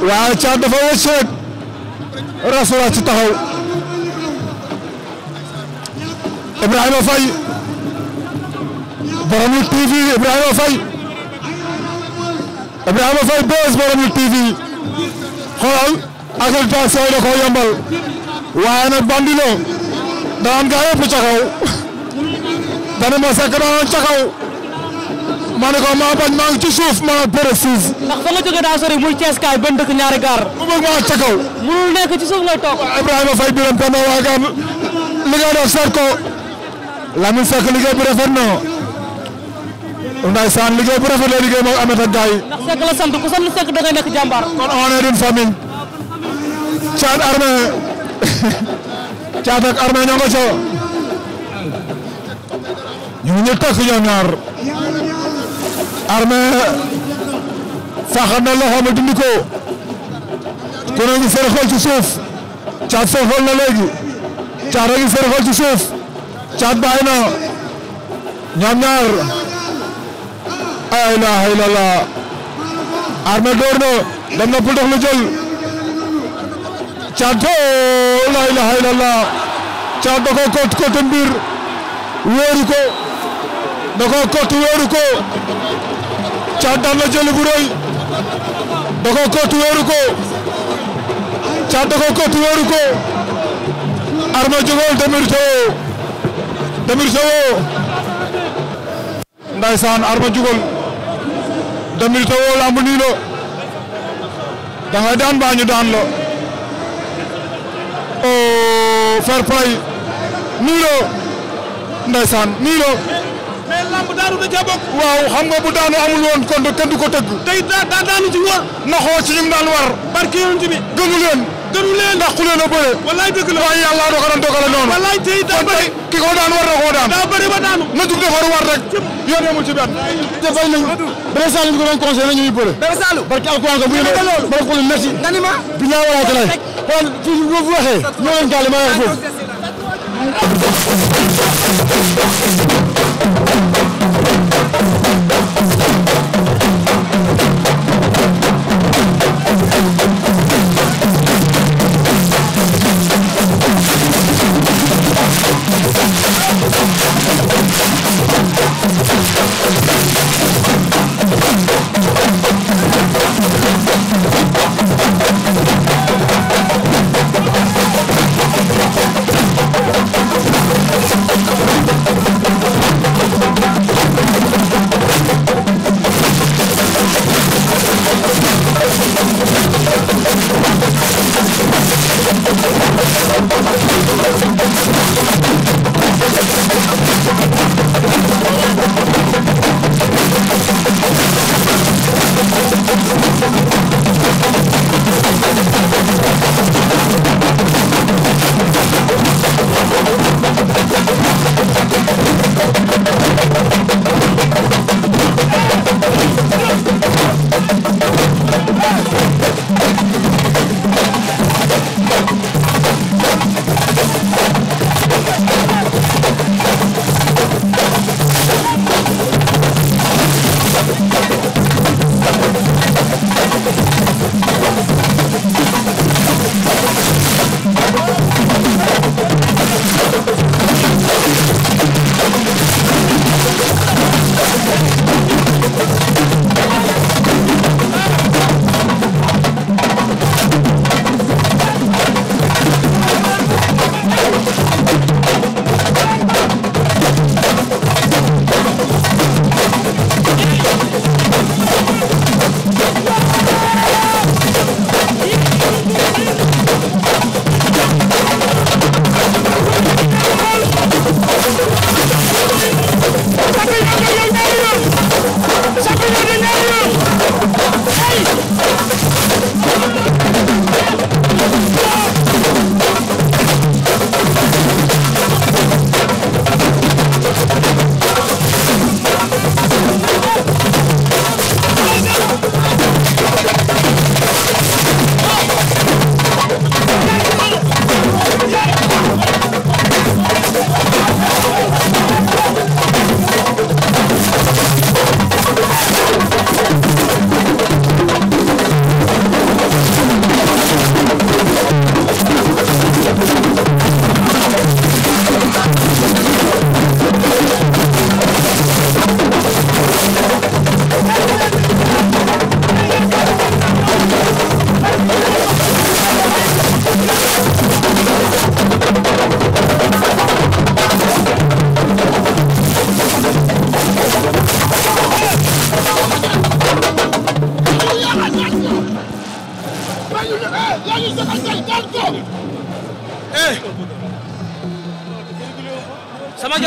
Speaker 3: waaw Thiat
Speaker 1: dafa wëcceeg Rassoula ci taxaw Ibrahima Faye borom Lutte TV Ibrahima Faye Ibrahima Faye bees borom Lutte TV xoolal accréditation yi da koo yombal waaye nag bandi loo daan gaa yëpp ca kaw
Speaker 3: dana ma sekk daan ca kaw
Speaker 1: ma ne ko maa bañ maa ngi ci suuf maa bëre suuf. ndax fa nga jógee daa sori muy Thiès kaay benn dëkk ku bëgg maa ca kaw.
Speaker 3: mënul nekk ci suuf ngay toog. Ibrahima Faye
Speaker 1: bi leen tànn waa Gane li nga def seet ko. Lamine Seck liggéey bu rafet na. Ndeysaan liggéey bu rafet la liggéey moom amet ak gars yi.
Speaker 2: ndax Seck la sant ku sant Seck dangay nekk jàmbaar. kon
Speaker 1: on est une famille.
Speaker 3: Thiat Armé <laughs> Thiat ak Armé ñoo nga ca.
Speaker 1: ñu ngi ñu takk ñoom Armé saxar na loxo ma dindi ko ku ne ngi fër xool ci suuf caat fër xool na léegi caat a ngi fër xool ci suuf caat bàyyi na ñoom ñaar ay ilaha illallah Armé door na dem na pul dox lu jël caat doo la ilaha illallah caat da koo kot kote mbir wóoru ko da koo kot wóoru ko ca daan na jëli bu rëy da ko kott wéeru ko Caat da ko kott ko Arma jógol Demir Sow Demir Sow lamb nii la da daan baa daan la oh, fair play nii la ndaysaan nii la bu
Speaker 2: waaw xam nga bu daanu amul woon kon kenn du ko tëgg. tey ci war. naxoo ci ñim daan war. barke yonent bi gëmu leen. gëmu leen ndax ku leen a bëre. wallaay la waaye yàlla doo ko doon dogale na koo daan. daa bëri ba daanu. na jug defar war rek. yónnee mu ci benn. defal nañu. beneen saal bi ko doon conseillé nañu ñuy bëre. beneen saal. barke alquran ko bu ñu nee ma ne ko lu métti. nga ni ma. bi ñu laa walaatee lay. kon fii bu ma waxee. leen gàlle ma wax foofu. Thank you.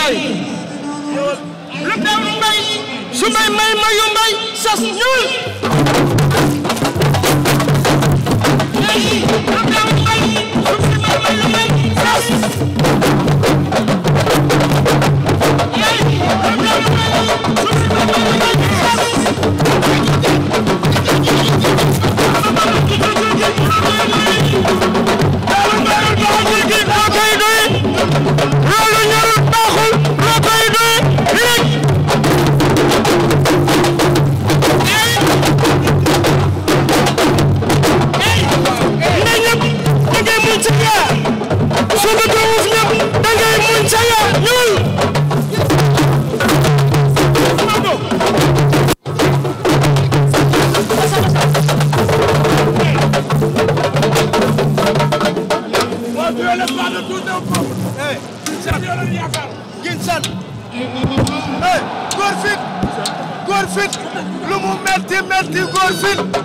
Speaker 4: Njaay lu taw mbay
Speaker 2: su may may mayu mbay sas ñuul Thank you. Robin.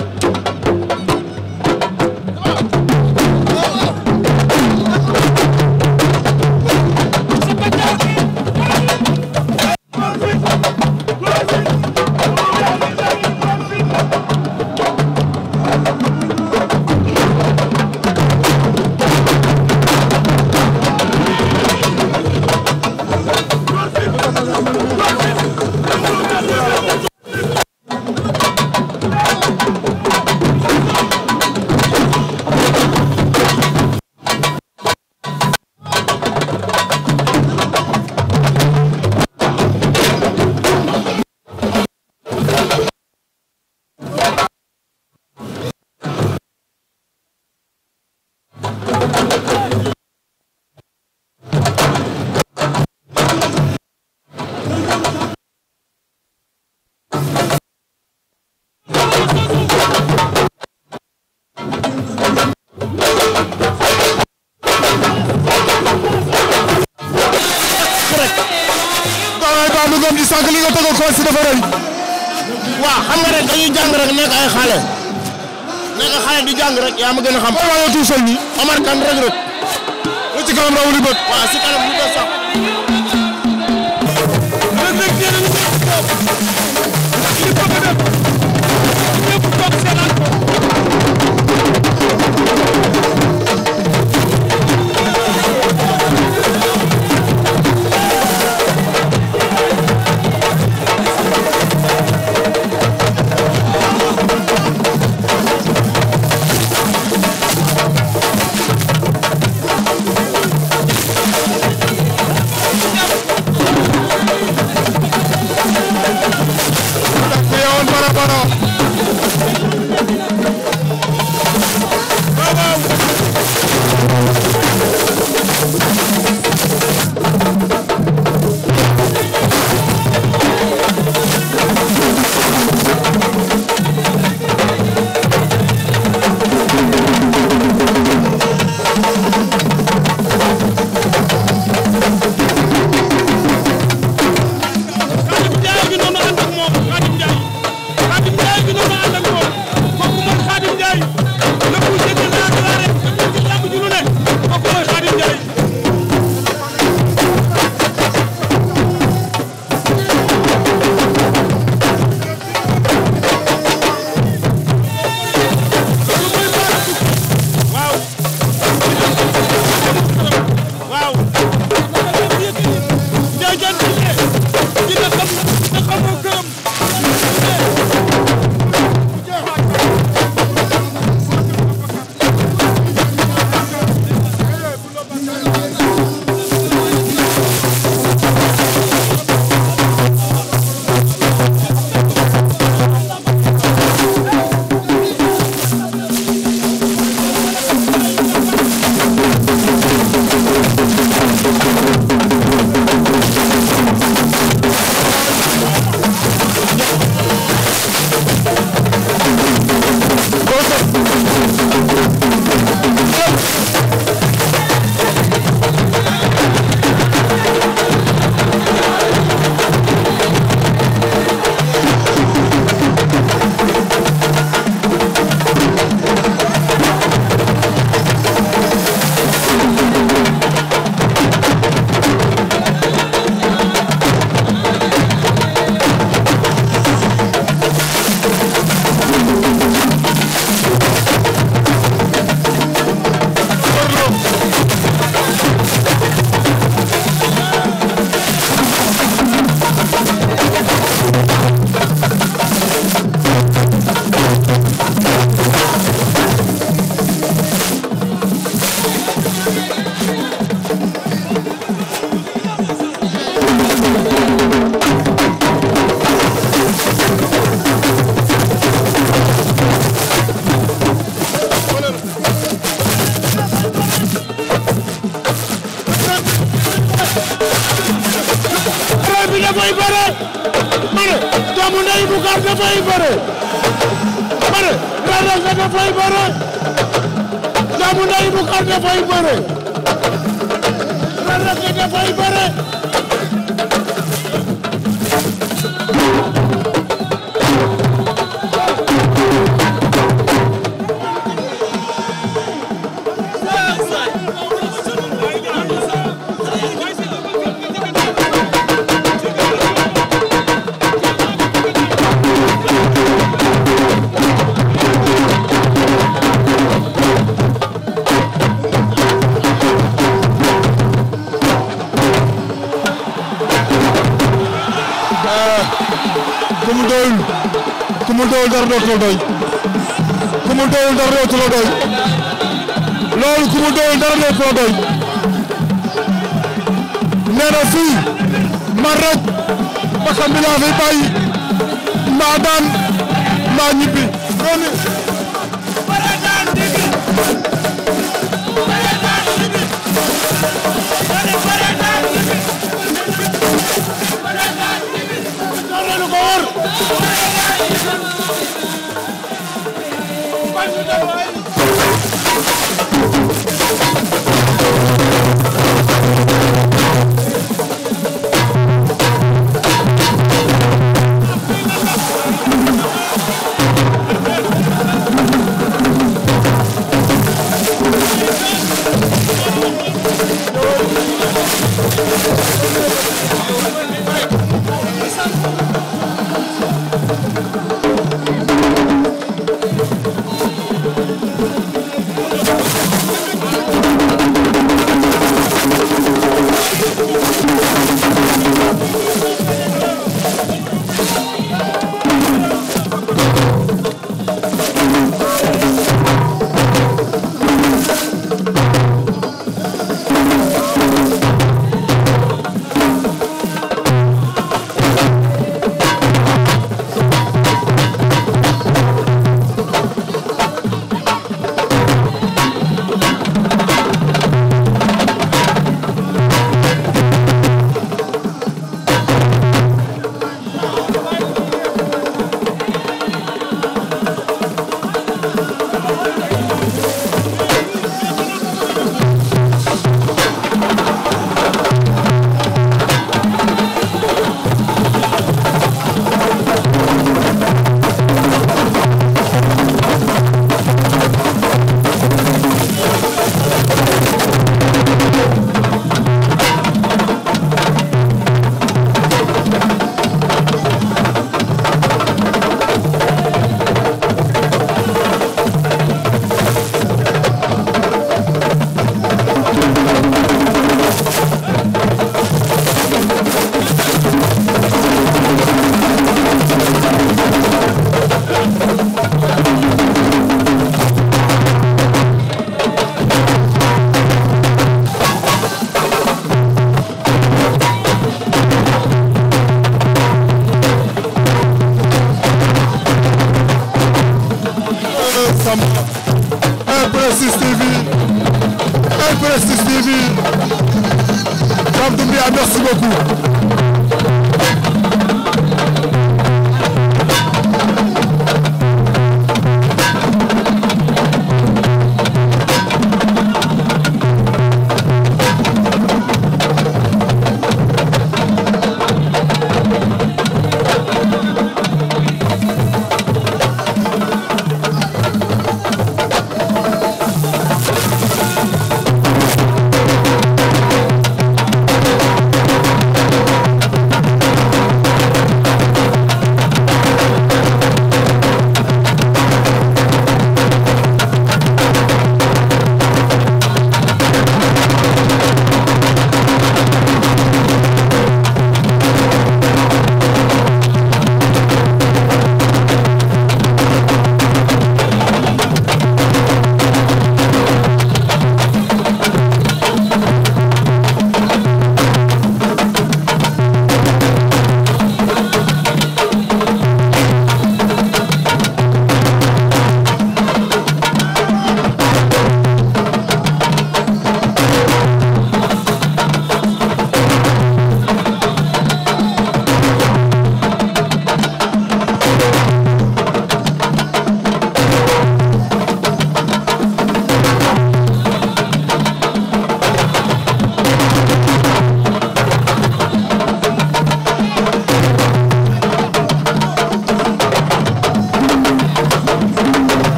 Speaker 2: ma gën a xam. waaw waaw tuuti sol nii. Omar Kane rëgg-rëgg. lu ci kawam rawuli bët. waaw si
Speaker 1: tey maa daan maa ñibbi noonu Thank you.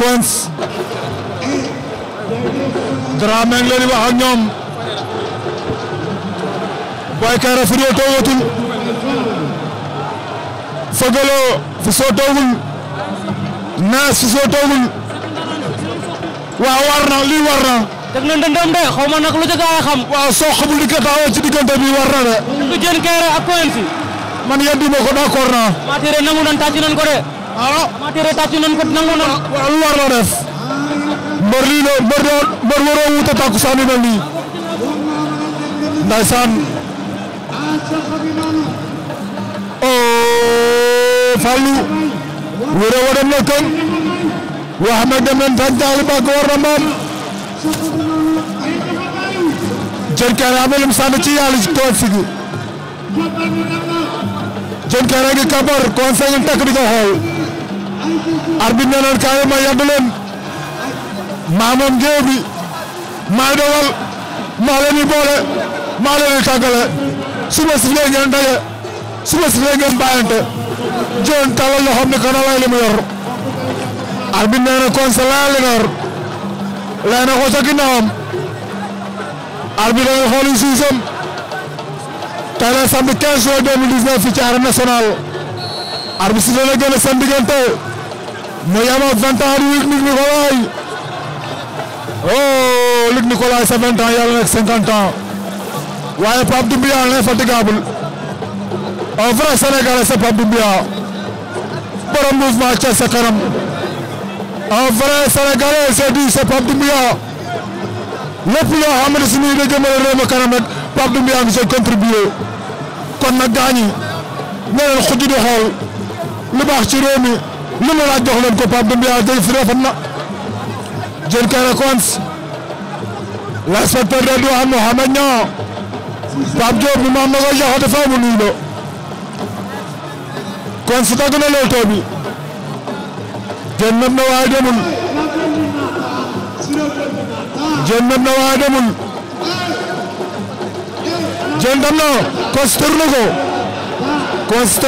Speaker 1: Quench Dramé ngi leen ñoom Boy Kaïré fu ñoo toogatul Feugeleu fu soo toogul Nass fu soo toogul waaw war na lii war na. dëgg la ndëndëm de xaw nag lu ca a xam. waaw soo xamul li ko taxawal ci diggante bi war na de. du jën Kaïré ak Quench. man yéen di ko d'accord naa. maa tere nan tàcc nañ de. waaw amateur yi tàcc nañ ko nangu war la def. mbër lii la mbër doon mbër waroo wuute takkusaan yu mel nii. ndaysaan. Oh, Fallou.
Speaker 3: wéree wa dem na kër.
Speaker 1: yoo xam ne dem nañ tànn taal ba ko war na mu sànni ci yàlla ci tool fi gi. Diène Kairé gi kabar conseil takk di ko arbitre nee na kaay ma yàgg leen maa moom géew bi maay dogal maa leen di boole maa leen di suba si lee ngeen joon talal loo xam ne li mu yor arbitre nee na kon na ko ca ginnaawam arbitre xool yu suusam tey la samedi 15 juin 2019 fii ci arène nationale arbitre si dana gën a seen diggante mooy amaat vingt ans di Luc Nicolaï oh Luc Nicolaï sa vingt ans yàlla nekk cinquante ans waaye Pape Doumbia l'infatigable un vrai Sénégalais c'est Pape Doumbia borom mouvement ca sa kanam un vrai Sénégalais c'est du c'est Pape Doumbia lépp loo xam ne suñuy da jëmale réew mi kanam rek Pape Doumbia ngi see contribué kon nag gaañi ne leen xujj di xool lu baax ci réew mi lu ma laaj jox leen ko Pape Demba Yaya Diène fi rafet na Diène Kaïré Quench l'inspecteur de douane Mohamed Niang Pape Diop bi maam na ko joxate faa mu nuyu la Quench dagg na na waaye demul Diène na waaye demul Diène dem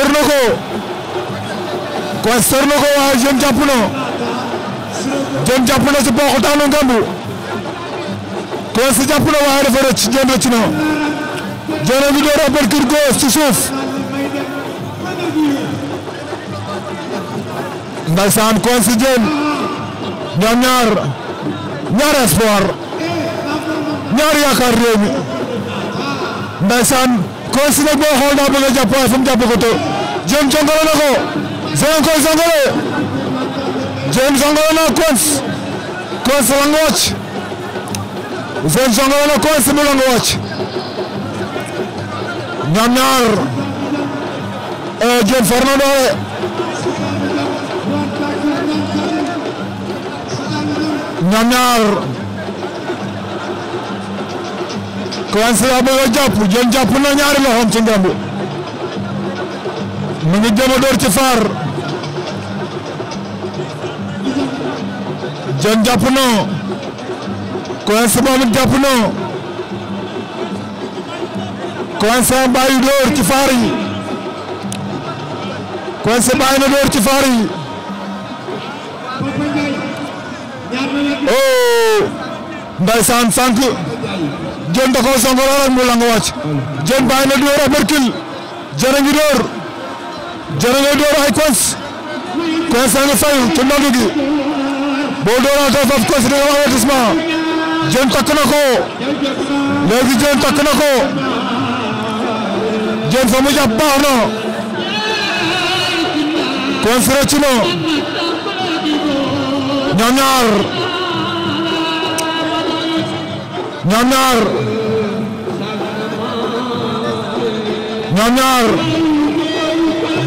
Speaker 1: na Quench sori na ko waaye Diène jàpp na Diène jàpp na si poxutaanu ngembu Quench jàpp na waaye dafa rëcc Diène rëcc na
Speaker 3: Diène a ngi door uppercut gauche
Speaker 1: ci suuf ndaysaan Quench Diène ñoom ñaar ñaar espoir
Speaker 3: ñaar yaakaar réew mi
Speaker 1: ndaysaan Quench nag boo xool daa bëgg a jàpp waaye fu mu jàpp ko to Diène jongale na Zonko Zongolo. James Zongolo na Kons. Kons Mulongo Watch. James Zongolo na Kons Mulongo Watch. ñoom ñaar Diène for na doole ñoom ñaar Quench la bëgg a jàpp na ñaari loxoom ci ngemb mu ngi jëm a door ci faar Diène jàpp na Quench moom it jàpp na Quench bàyyi door ci faar yi Quench bàyyi na door ci faar yi oh ndaysaan sànq Diène da koo songaloon ak mu la nga wàcc Diène bàyyi na door aberkil Diène a ngi door jërë nga door ay kos kos nga fayu ci ndogu gi
Speaker 3: boo dooraatee foofu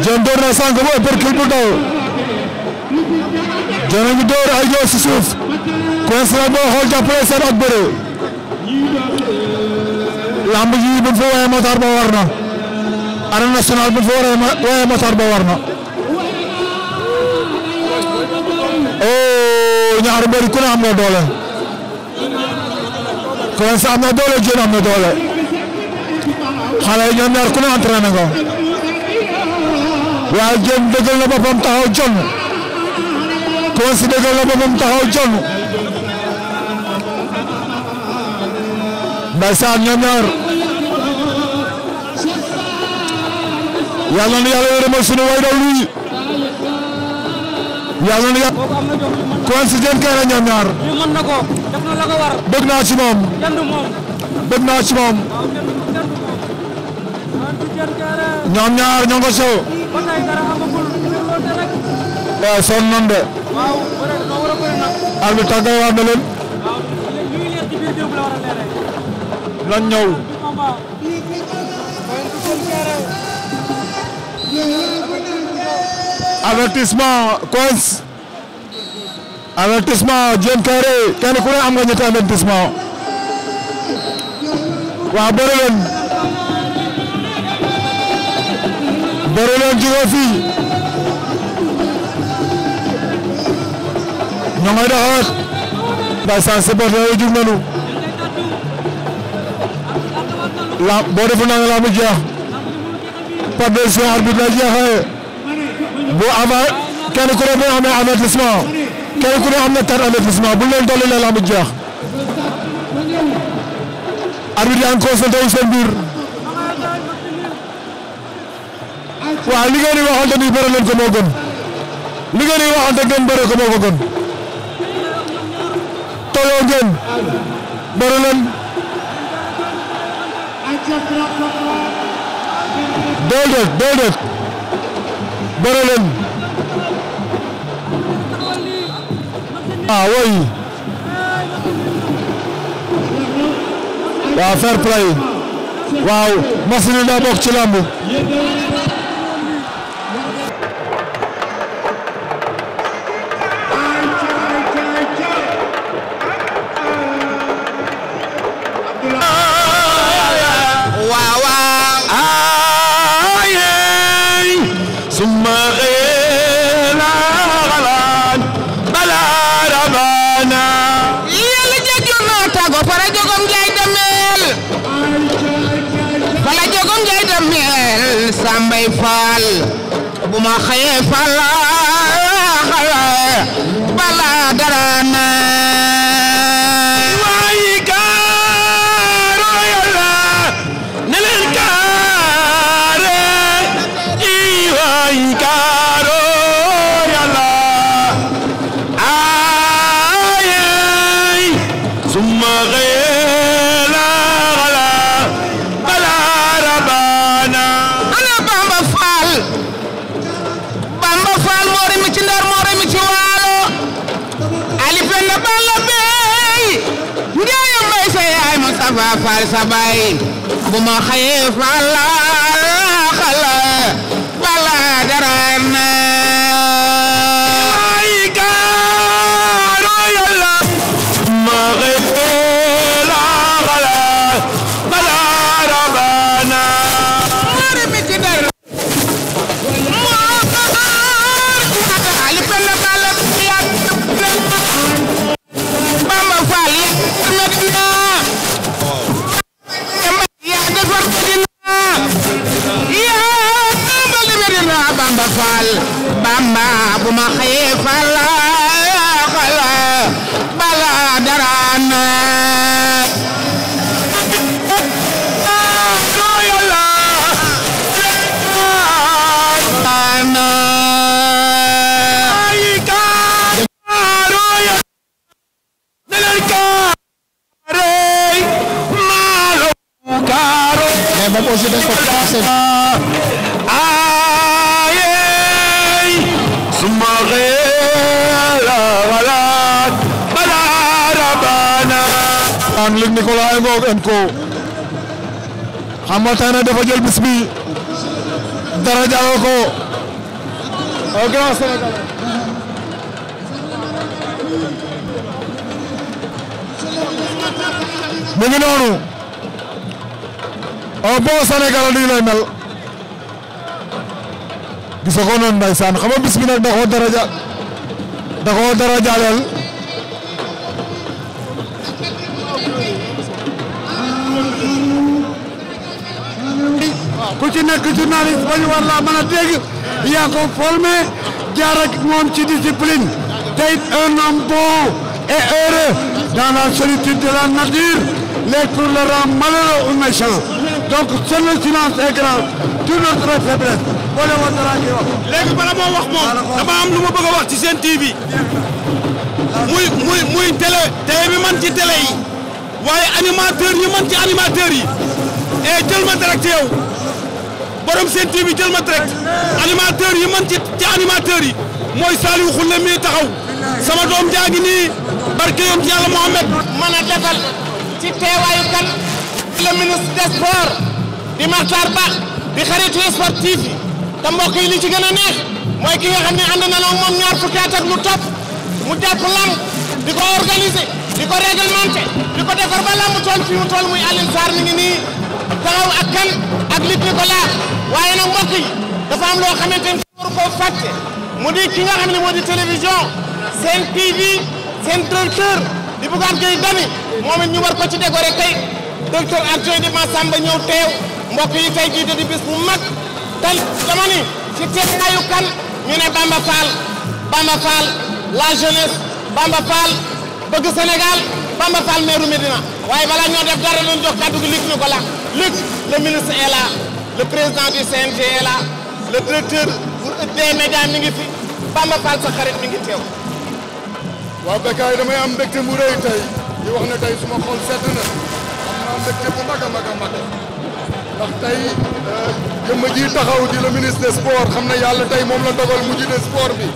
Speaker 3: Diène door na sànq ba uppercut bu daw Diène a ngi door ay joo si suuf cointre boo xool jàppale seen ak bëre
Speaker 1: lamb ji buñ fa waaye motar ba war na
Speaker 3: arène nationale buñ fa
Speaker 1: waaye motar ba war na oo oh, ñaari mbër ku ne am na doole cointre am na doole Diène am na doole
Speaker 3: xale yi ñoom ñaar ku ne entraîné nga
Speaker 1: waaye John dëggal na boppam taxaw John
Speaker 3: Kossy dëggal na boppam taxaw
Speaker 1: na yàlla yërëmal sunu way daw luy yàlla na ñaar bëgg naa ci moom bëgg naa ci moom ñaar ñoo ko sow waaw sonn nañ de. arbitre tàggal waat na leen. lan ñëw. avertissement Quench. avertissement Diène ku ne am ñetti avertissement. waaw bëri leen. Baro leen jóge fii ñoo ngi doxaat ndeysaan supporter yi jug nañu la boo nga laa mu jeex par décision arbitre la jeexee
Speaker 3: bu avant kenn ku ne bu amee avertissement
Speaker 1: kenn ku ne am na tar avertissement bu leen dolli la laa mu yaa ngi consulté seen waaw li ngeen di waxante ni bëre leen ko moo gën li ngeen di waxante ngeen bëre ko moo ko gën tolloo ngeen bëre leen déedéet déedéet bëre leen ah way
Speaker 3: waaw fair play waaw
Speaker 1: machine yi daa bokk ci lamb
Speaker 2: 黑夜翻了。jëm ci waalo ali penda balla bey njaayam bay sa yaay Moustapha Fall sa baay bu ma xaye Fall
Speaker 1: moo tax na dafa jël bis bi dara jàll ko au grand Sénégal mu ngi noonu au bon Sénégal du lay mel gis nga ko noonu ndeysaan xam nga bis bi nag da koo dara ja da koo dara jaaleel
Speaker 2: ku ci nekk journaliste ba ñu war laa mën a dégg yaa ko formé jaar discipline te it un homme bon et heureux de la
Speaker 1: nature les tours le rend malheureux ou méchant donc seul silence est grand
Speaker 2: tout notre faiblesse boo leen wax dara ngi wax. wax moom dama lu ma bëgg a wax ci seen TV muy muy muy télé télé yi waaye animateur yi man ci yi et eh, jël ma dara ci borom seen TV jël ma direct animateur yi man ci ci taxaw sama doom jaa nii barke yoon ci yàlla Mohamed mën a defal ci teewaayu kan le ministre des di Makhtar Ba di xaritu sportif yi li ci gën a neex mooy ki nga xam ne na la moom ñaar fukki at lu topp mu jàpp lam di ko organiser di ko réglementé di ko defar ba mu toll mu toll muy Alioune Sarr mi ngi nii taxaw ak kan ak Luc waaye nag mbokk yi dafa am loo xamante ni waru koo fàtte mu di ki nga xam ne moo di télévision seen TV seen directeur di Bougane Gueye Dany moom it ñu war ko ci décoré tey docteur adjoint di Massamba ñëw teew mbokk yi tey jii di bis bu mag tan dama ci teewaayu kan ñu ne Bamba Fall Bamba Fall la jeunesse Bamba Fall bëgg Sénégal Bamba Fall meeru Medina waaye balaa ñoo def dara luñ jox kàddu gi Luc Nicolas Luc le ministre est là le président du CNG est là le directeur pour e des mi ngi fi Bamba Fall sa xarit mi ngi teew. waaw Bécaye damay am mbégte mu tey di wax ne tey suma xol
Speaker 1: sedd na am mbégte bu tey euh, di le ministre des sports xam na yàlla tey moom la dogal mu jiite sport bi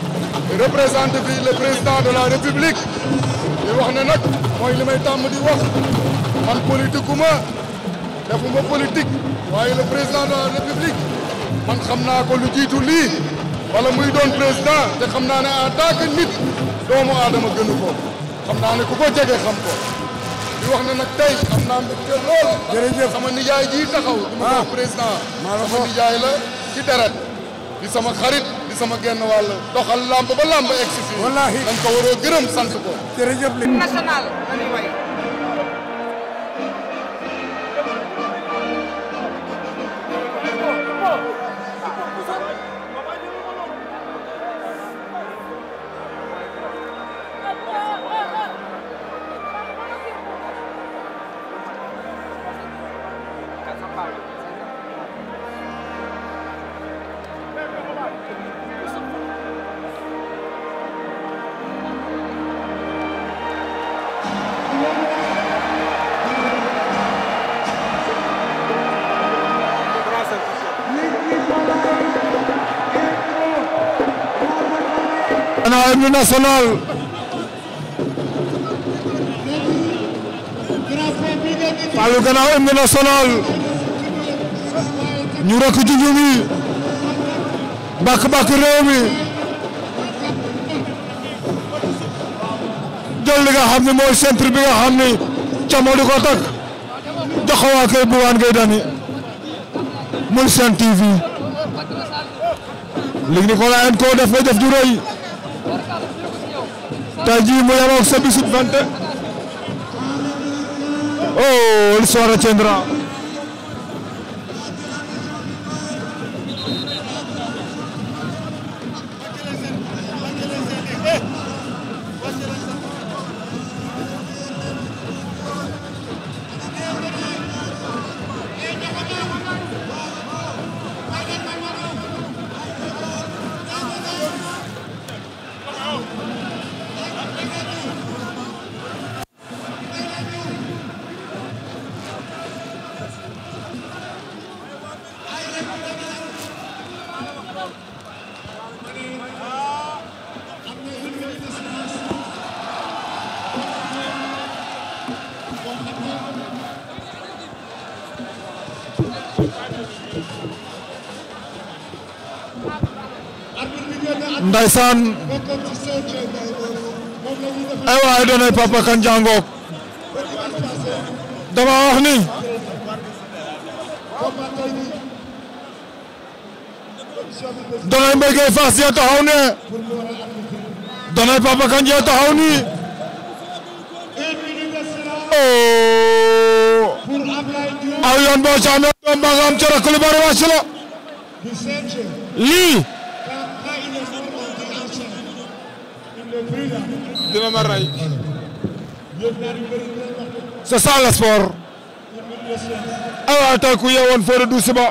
Speaker 1: représente fi le président de la république di wax ne nag mooy li may tàmm di wax man politique defuma politique waaye le président de la république man xam naa ko lu jiitu lii wala muy doon président te xam naa ne en tant que nit doomu aadama gënu ko xam naa ne ku ko jege xam ko di wax ne nag tey xam naa mbégte lool. jërëjëf sama nijaay ji taxaw. ah ma ko président. sama nijaay la ci deret di sama xarit di sama genn wàll doxal làmb ba làmb egg
Speaker 3: si fii. wallaahi dañ ko war a gërëm sant ko. jërëjëf national la
Speaker 1: l'Assemblée nationale Fallou gannaaw hymne nationale ñu rëkk junju bi bàkk bàkk réew mi jël li nga xam ne mooy centre bi nga xam ne camo di ko takk jox ko waa kër Bougane Gueye Dany muy Sen TV léegi ni ko laayeen koo def ba def du rëy tey jii mu yemoon sa bisub vingt oh il se retiendra
Speaker 3: ndeysaan ay waay doonay papa
Speaker 1: kan jàngook dama wax ni
Speaker 3: doonay mbëggee fas ya taxaw ne
Speaker 1: doonay papa kan ya taxaw ni oo oh. aw yoon boo caamee doom ba nga am cere Coulibaly wàcc la lii dina ma rey. c'est ça le sport. aywa tey ku yeewoon Fodé Douciba.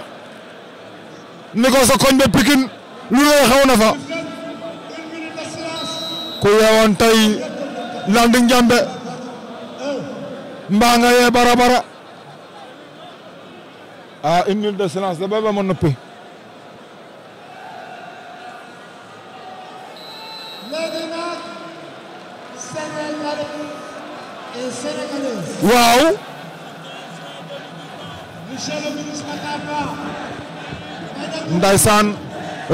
Speaker 1: ni ko sa koñ ba Pikine lu ne xaw fa. ku yeewoon tey Landing Njambe. mbaa nga yee bara bara. ah une minute de da ba ba ma noppi. waaw ndaysaan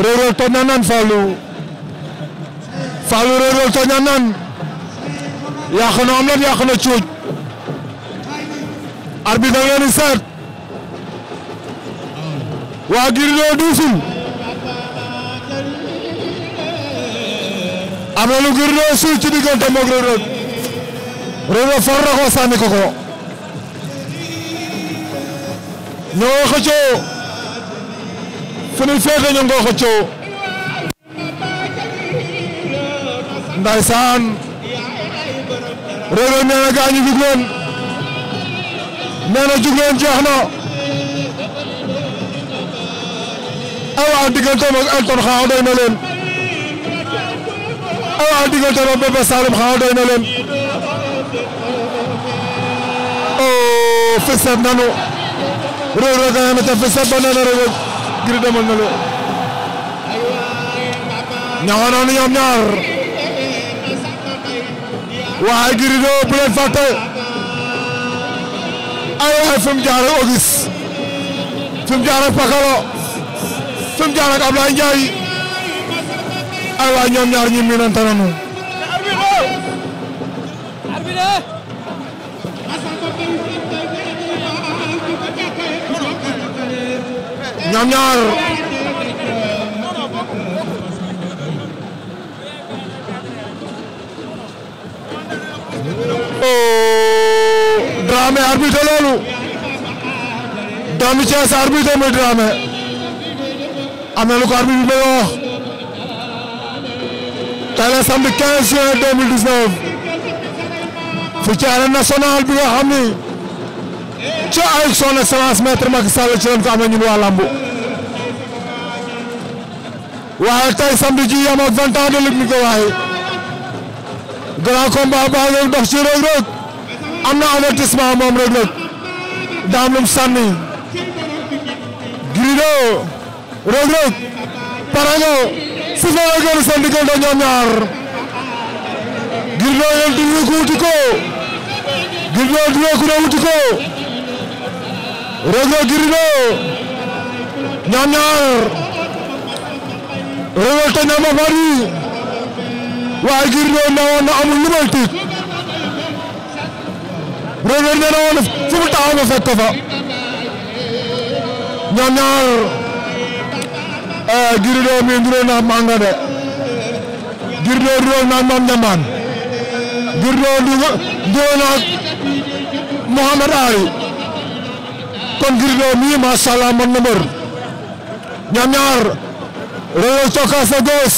Speaker 1: reerol toj na nan Fallou Fallou reerol toj na nan yàq na am lan yàq na cuuj arbitre da leen di seet waa Giriñoo duusul am na lu Giriñoo suul ci diggante moog reerol Reug for na ko sànni ko ko ñoo xëccoo fu ñu féete ñu ngoo xëccoo ndaysaan Reug nee na gaañu jug leen nee na jug leen jeex na awaa digganteem ak Elton na leen awaa digganteem ak Bébé Saloum xaaw na leen officer nanu Reug Reug a meta officer banana Reug Reug Gris demal na le ñanga noonu ñoom ñaar waaye Gris doo bu leen fàtte ay fi mu jaar ak Auguste fi mu jaar ak Pakala fi mu jaar ak Ablaye Ndiaye ay waay ñoom ñaar ñi miinante nanu
Speaker 3: ñoom ñaar oh,
Speaker 1: Dramé arbitre loolu doomu Cees arbitre mooy Dramé am na lu ko arbitre bi bëgg wax tey la samedi 15 juin fi ci arène bi nga xam ca ay son excellence maître Macky Sall ci leen ko amee ñun waa lambu waaye tey samedi yam ak vingt ans de lutte ni ko waaye ci Reug Reug
Speaker 3: am na avertissement moom
Speaker 1: daam lum sànni Gris 2 Reug Reug pare nga su fekkee gën seen diggante ñoom ñaar Gris 2 yéen dinañ ko wuti ko Reug Reug Gris 2 ñoom ñaar Reug Reug na ba bari waaye tiit Reug Reug nee na woon fu mu taxaw ma fekk fa ñoom ñaar eh, Gris
Speaker 3: 2 mi nduróo
Speaker 1: kon Gris mi macha allah mën na mbër ñoom ñaar Reug cokkaas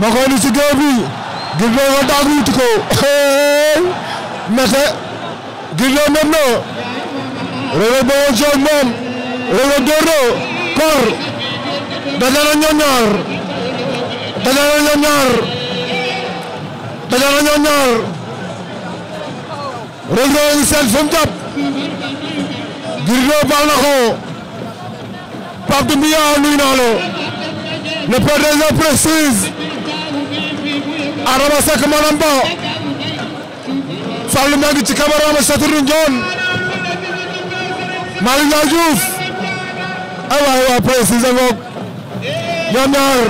Speaker 1: ma koy indi ci géew bi Gris nga daag mete Gris mën na Reug ba woon ak moom Reug door na kor daje na ñoom ñaar daje na ñoom ñaar Girdo baax na ko Pape naa la le président précise
Speaker 3: Arama Seck Manamba
Speaker 1: Fallou maa ngi ci ma Saturne Ndione Malick Ndiaye Diouf ay eh waay waay précise ngoog ñoom ñaar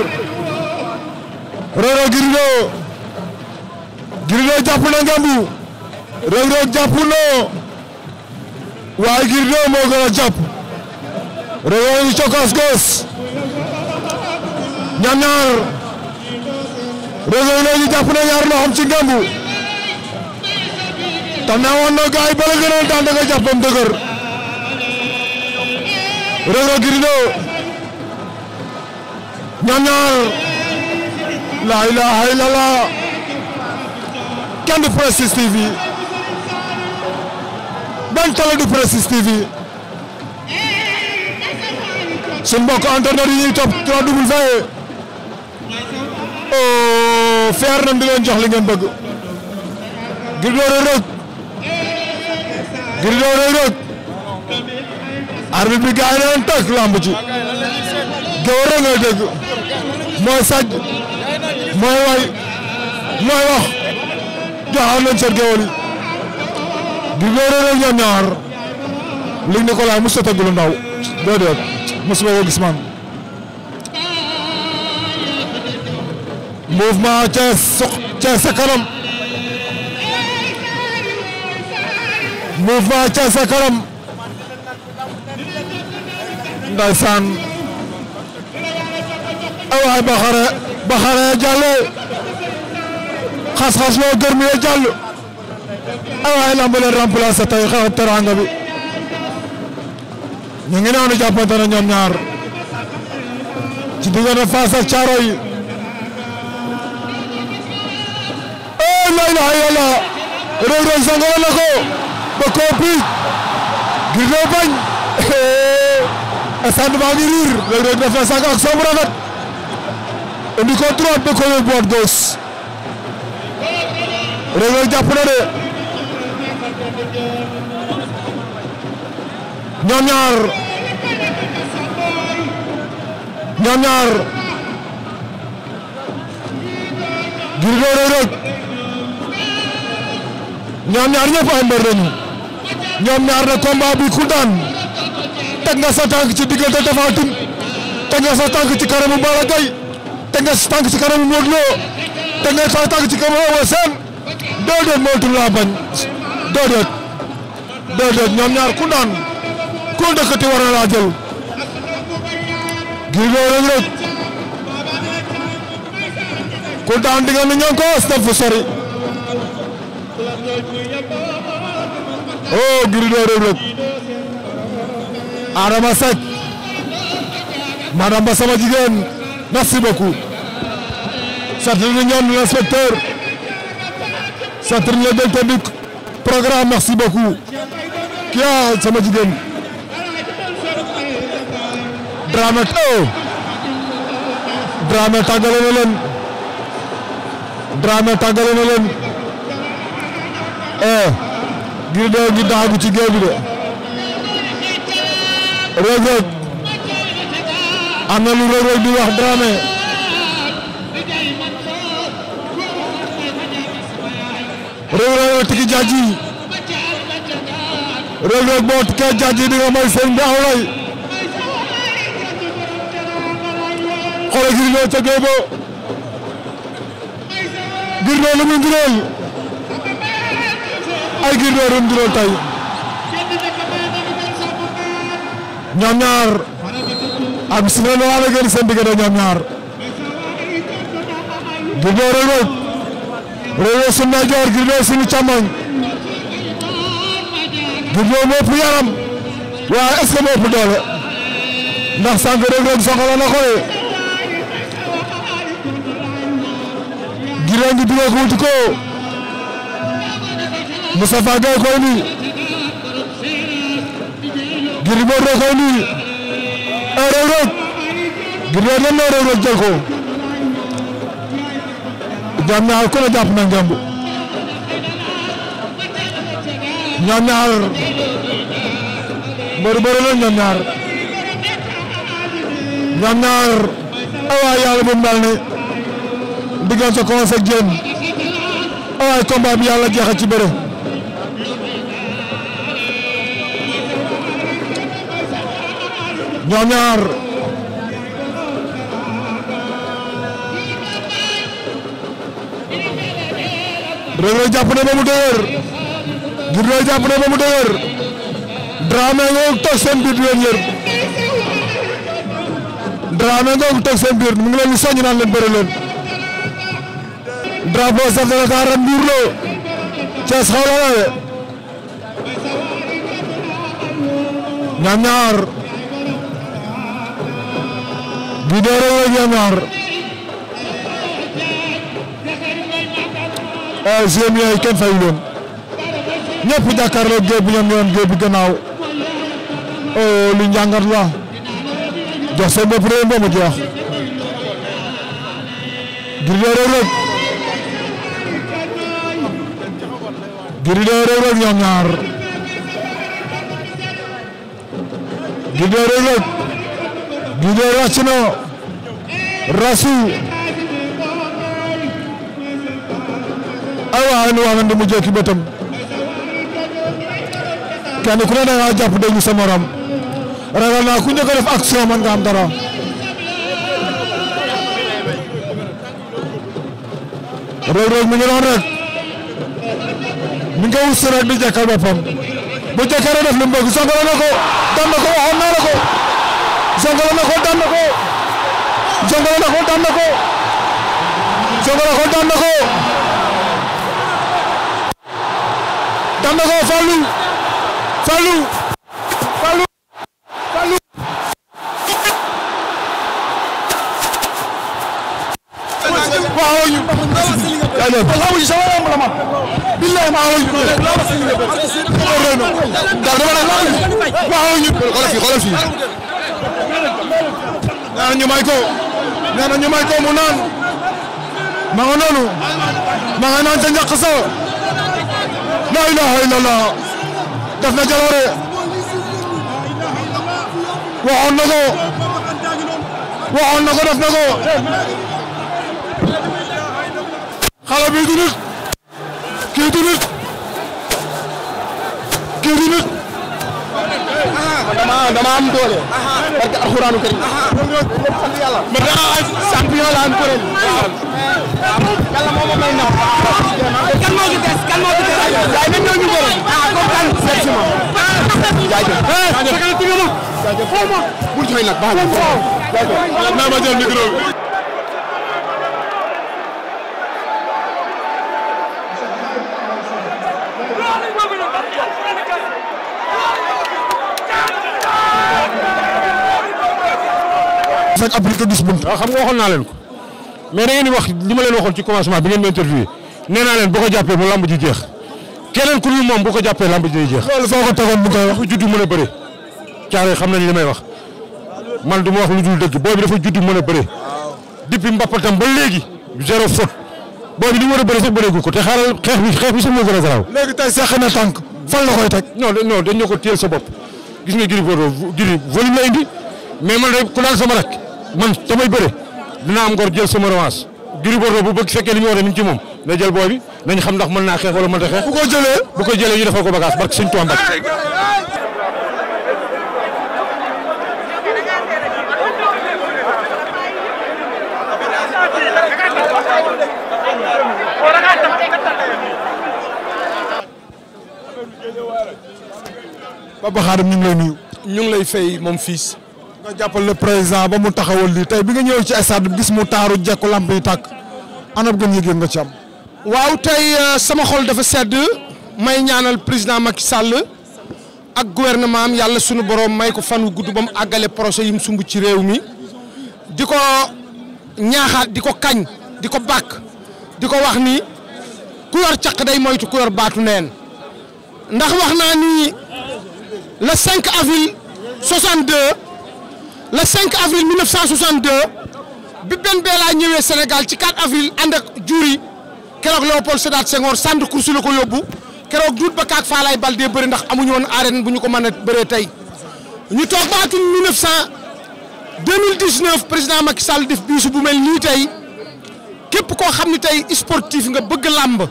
Speaker 1: Reug Reug Girdo Girdo jàpp na ngembu Reug Reug na waaye Girdeau moo gën a jàpp Reug ngi cokkaas goos ñam ñaar Reug léegi jàpp na ñaar loxoom ci ngembu te ne woon na gaay bala gënoon daan da nga jàppam dëgër Reug Girdeau ñam ñaar laa ilaaha illallah kenn du Prestige TV ban télé du Prestige TV suñu mbokk internet yi ñuy topp 3W oh feer nañ di leen jox li ngeen bëgg. Gris 2 Reug Reug Gris 2 bi gars yi doon tàkk lamb ji mooy sàcc mooy way mooy wax joxoon nañ seen gëwël bi wéeree rek ñoom ñaar Luc Nicolaï mosut a tëgg lu ndaw déedéet mosuma ko gis man. mouvement ca sox ca sa kanam mouvement ca sa kanam ndaysaan awaay Baxare Baxare Diallo ay waaye lamb leen remplacé bi ñu ngi noonu jàppante na ñoom ñaar ci diggante Fass ak Caaroy yi oh la ilaha illallah Reug Reug sangoo ba koo piis Girgay bañ estade <laughs> baa ngi riir Reug Reug dafa sang ak soobu rafet indi ko droite da ko yóbbuwaat gauche Reug Reug jàpp na de Nyonyor Nyonyor ñoom Nyonyor Gris 2 Reug Nyonyor ñoom ñaar ñëpp ay tengah lañu ñoom ñaar na combat tengah ku daan teg nga tengah tànk ci diggante Tapha tengah teg nga sa tànk ci kanamu laban. Tengah satang kecil karamu tànk déedéet déedéet ñom ñaar ku daan ko dëkkati wara la jël gi Bordeaux Reug rek ku daan di nga ñoko staff sori oh Gris Bordeaux rek Reug Adama sax madame ba sama jigen merci beaucoup satrin nañu ñoom l'inspecteur sant nañu la directeur bi programme merci beaucoup kii sama jigéen Dramé too Dramé tàggale na leen Dramé tàggale na leen eh ngir dee ngi daagu ci géej bi wax Dramé Reug Reug tigi jaaji Reug Reug boo tikee jaaji may sëñ bi aw lay xoolal gis nga ca géej lu mu
Speaker 3: ay gis lu mu ndural
Speaker 1: tey ñaar am si ne la waa la gën seen diggante ñoom ñaar gis nga Rebeul sunu ndeyjoor Gris sunu càmmoñ Gris moo ëpp yaram waaye est-ce que moo ëpp doole ndax sànq Reug Reug soxla na ko Gris ngi duggee ko wuti ko Moustapha Gaye koy nii Gris Bordeaux koy nii eh, Reug Reug Gris dem na Reug Reug jël ñoom ñaar ku ne jàpp na ngemb ñoom ñaar mbëru bëri na ñoom ñaar ñoom ñaar awaay yàlla bu mel ne diggante Coons ak Diène awaay combat bi yàlla jeexal ci bëre ñoom ñaar Reug jàpp na ba mu dëgër Gris 2 jàpp na ba mu dëgër Dramé ngoog toog seen di leen yër Dramé ngoog toog seen biir mu ngi leen di soññ naan leen bëri leen drapeau chef de l'État ram mbuur loo Thiès xaw la waaye ñaam ñaar bi dee Reug ñaam GM eh, yooyu kenn fay loon ñëpp jàkkaarloo géej bu leen yoon géej bu gannaaw lu njàngat la jox sa bopp réew boobu jox Gris 2 Reug Reug Gris ay waaye nu waagandi mu jekki bëtam kenn ku ne da ngaa jàpp dañu naa ku njëkk a def man nga dara Reug Reug mi ngi doon rek mi ngi wus rek di jekkal bu jekkee def li mu bëgg songale ko daan na ko waxoon na ko daan na ko songale na ko daan na ko
Speaker 2: daan na ko Fallou Fallou Fallou Fallou waaw
Speaker 3: ñu ko mu
Speaker 1: naan ma nga noonu ma nga naan ca njaq sa la ilaha illallah def na jaloore
Speaker 3: waxoon na ko waxoon na ko def na ko xale
Speaker 1: bi du nit kii du nit kii du nit dama dama am doole.
Speaker 2: parce que alxuraanu karim. sant yàlla. mais da nga champion la am kuréel. yàlla moo ma may naw. kan moo ci des kan moo ci des. jaay nañ ñoo ñu bëri. ah comme kan seet ah, si ma. jaajëf jaajëf. foo ma. bul jooy nag baax na. jaajëf. naa ma jël micro bi. def rek ab dis bunt. waaw xam nga waxoon naa mais da ngeen di wax ma leen waxoon ci commencement bi ngeen di interviewé nee naa leen bu ko jàppee mu moom bu ko jàppee lamb ji day jeex. loolu foo ko
Speaker 1: tegoon a xam nañ li may wax man du ma wax lu dul dëgg booy bi dafa judd mën a bëre depuis tam ba léegi zéro faute booy bi li mu war a bëre sax bëreegu ko te xaaral xeex bi xeex bi sax moo gën a garaaw. léegi tey seq na tànk fan la koy teg. non
Speaker 2: non ko téyel sa bopp gis nga giri giri volume la indi mais man rek ku daan ma rek man damay bëre dinaa am ngor jël sama revanche Gris Bordeaux bu bëgg fekkee li ñu war ci moom na jël booy bi nañ xam ndax mën naa xeex wala mën ta xeex. bu ko jëlee bu ko jëlee ñu defal ko bagage barke suñu tuwaan
Speaker 1: Papa ñu ngi lay nuyu. moom fiis ma jàppal le président ba mu taxawal
Speaker 2: lii tey bi nga ñëw ci stade bi gis mu taaru jekku lamp yi tàkk anam gën yëg nga ci waaw tey euh, sama xol dafa sedd may ñaanal président Macky sàll ak gouvernement am yàlla sunu boroom may ko fan wu gudd ba mu àggale projet yi mu sumb ci réew mi di ko ñaaxaat di ko kañ di ko bàkk di ko wax ni ku caq day moytu ku yor baatu neen ndax wax naa ni le avril le 5 avril 1962 bi Ben laa ñëwee Sénégal ci 4 avril ànd ak jur yi keroog Léopold Sédar Senghor sànd kursu la ko yóbbu keroog duut ba kaak Faalaay Baldé bëri ndax amuñu woon bu ñu ko mën a bëree tey ñu toog ba atum 1900 2019 président Macky sal def biisu bu mel nii tey képp koo xam ni tey sportif nga bëgg làmb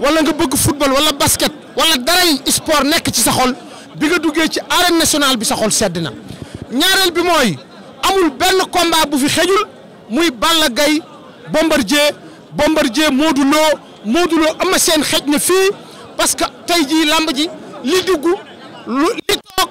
Speaker 2: wala nga bëgg football wala basket wala daray sport nekk ci sa xol bi nga duggee ci arène nationale bi sa xol sedd na. ñaareel bi mooy amul benn combat bu fi xejul muy Balla Gaye Bombardier Bombardier Modou Lo Modou Lo ama seen xej na fii parce que tey jii làmb ji li dugg lu li toog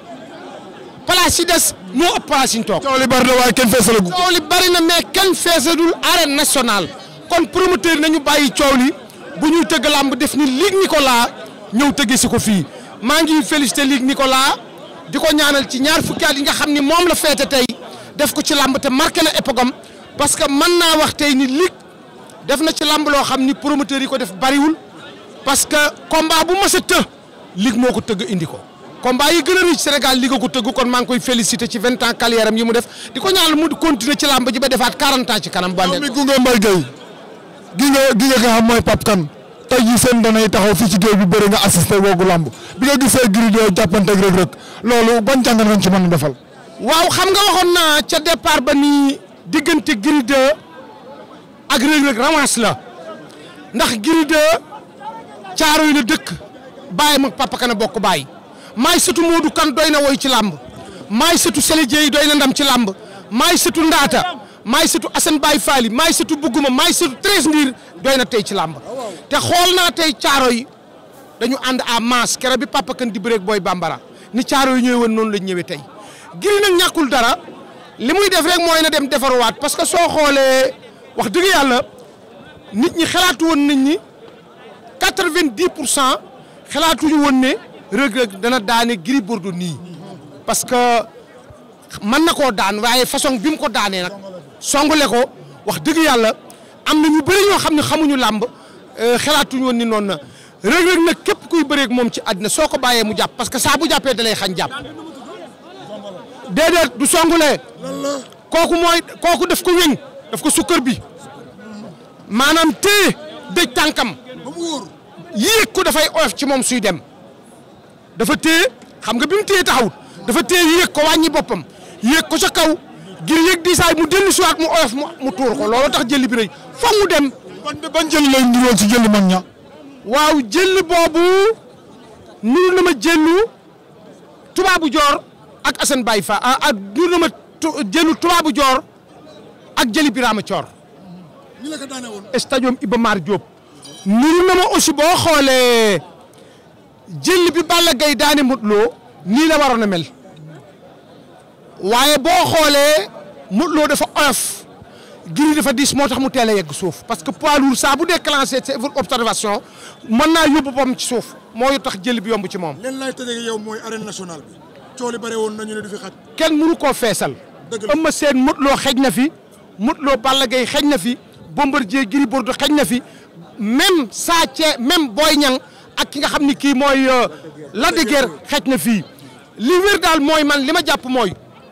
Speaker 2: place yi des moo ëpp place yi coow li bari na waaye kenn feesalu. coow li bari feesadul arène nationale kon promoteur nañu bàyyi coow li bu ñuy tëgg làmb def ni Luc Nicolas ñëw tëgg si ko fii maa ngi félicité Luc Nicolas. di ko ñaanal ci ñaar fukki at yi nga xam ni moom la feete tey def ko ci làmb te marqué na époque parce que mën naa wax tey ni lig def na ci làmb loo xam ni promoteurs yi ko def bariwul parce que combat bu mas a të lig moo ko tëgg indi ko combat yi gën a riche Sénégal ko tëgg kon maa ngi koy félicité ci vingt ans carrière am yi mu def di ko ñaanal mu continuer ci làmb ji ba defaat quarante ci kanam bande gi nga gi nga nga xam mooy Pape Kane tey jii tax danay taxaw fii ci bi bëri nga assisté googu làmb bi nga gisee Gris 2 jàppanteeg Reug Reug loolu ban jàngat nga ci mën a defal. waaw xam nga waxoon naa ca départ ba nii diggante Gris 2 ak Reug Reug revanche la ndax Gris 2 caaro yi la dëkk bàyyi ma papa kana bokk bàyyi maay sëtu moodu Kan doy na woy ci làmb maay sëtu Sele Dieye doy na ndam ci làmb maay sëtu Ndaata maay sëtu Assane Baye Faly maay sëtu Buguma maay sëtu Treize Ndiir doy na tey ci làmb te xool naa tey caaro dañu ànd à masse kere bi Papa Kane di bëreeg booy bambara ni caaro yu ñëwee woon noonu lañ ñëwee tey. Gris ñàkkul dara li muy def rek mooy na dem defaruwaat parce que soo xoolee wax dëgg yàlla nit ñi xalaatu woon nit ñi quatre-vingt-dix pour xalaatuñu woon ne Reug Reug dana daane Gris Bordeaux nii parce que mën na ko daan waaye façon bi mu ko daanee nag songale ko wax dëgg yàlla am na ñu bëri ñoo xam ne xamuñu làmb euh, xalaatuñu woon ni noonu na. Reug Reug nag képp kuy bëreeg moom ci àddina soo ko bàyyee mu jàpp parce que saa jàppee da lay xañ jàpp du songulee kooku mooy kooku daf ko wéñ daf ko sukkër bi maanaam téye dëj tànkam yéeg ko dafay oyof ci moom suy dem dafa téye xam nga bi mu téye taxawut dafa téye yéeg ko wàññi boppam yëg ko ca kaw ngir yéeg diisaay mu dellu siwaat mu oyof mu tuur ko loolu tax jëli bi rëy foog mu dem ban jëli lay ndiroon ci jëli mag ña waaw jël boobu nuru na ma jëlu tubaabu joor ak Assane Baye fa ah, ak nuru na ma jëlu tubaabu joor ak jëli Birama Coor.
Speaker 1: ñu la ko daane woon.
Speaker 2: stadium Iba Mar Diop. nuru na ma aussi boo xoolee jël bi Balla Gaye daane Modou nii la waroon a mel waaye boo xoolee Modou dafa oyof. giri dafa diis moo tax mu teel a yegg suuf parce que poids lourd ça bu déclenché sa observation mën naa yóbbu boppam ci souf moo tax jël bi yomb ci mom len lay tëjee yow moy arène nationale bi coow li bare nañu ne du fi xaj. ken mënu ko feesal. dëgg sen mut lo Modou na fi mut lo Balla Gaye na fi Bombardier Gris Bordeaux xëj na fi même Sa Thiès même Boy ñang ak ki nga xamni ki moy mooy euh, Lac de Guiers xëj na fii li wér dal moy man lima japp moy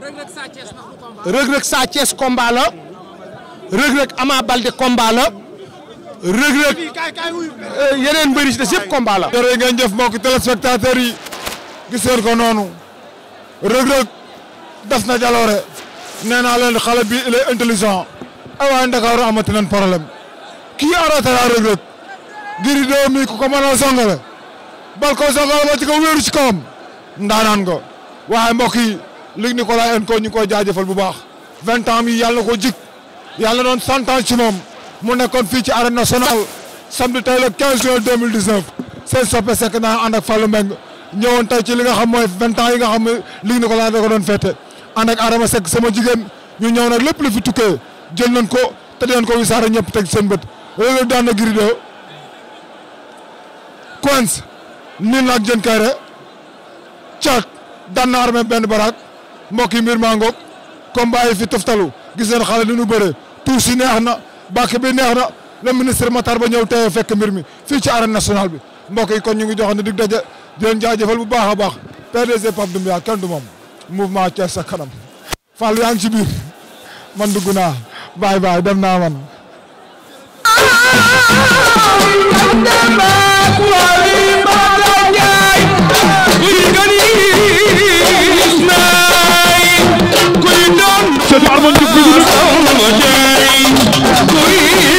Speaker 2: Reug Reug Sa Thiès combat la Reug Reug Ama Baldé combat la Reug Reug euh, yeneen mbëri si des yëpp combat la. ko noonu
Speaker 1: Reug Reug na jaloore nee naa bi il est eh waaye Ndakaaru amati nañ problème kii arrêté la Reug Reug giri doo mi ku ko mën a songale bal ko songale ba wéeru ci kawam ndaanaan ko waaye mbokk Luc Nicolaï en ko ñu koy jaajëfal bu baax vingt ans mi yàlla na ko jig yàlla doon cent ans ci moom mu nekkoon fii ci arène nationale samedi tey le 15 juin 2019 seen soppe sekk naa ànd ak Fallou Mbengue ñëwoon ci li nga xam mooy vingt ans yi nga xam ne Luc Nicolaï da ko doon fête ànd ak Adama Seck sama jigéen ñu ñëw nag lépp lu fi tukkee jël nañ ko te dinañ ko wisaare ñëpp teg seen bët loolu daan na Girido Coins nii na ak Diène Kaïré caag daan benn baraak mbokk yi mbir maa ngoog combat yi fi toftalu gis ngeen xale nu ñu bëre tuus yi neex na bàkk bi neex na le ministre Matar ba ñëw tey fekk mbir mi fii ci arène nationale bi mbokk yi kon ñu ngi joxoon dig daje di leen jaajëfal bu baax a baax PDG Pape Doumbia kenn du moom mouvement Thiès sa kanam Fall yaa ngi ci biir man dugg naa baay baay dem naa man Seydou Armand Diouf mi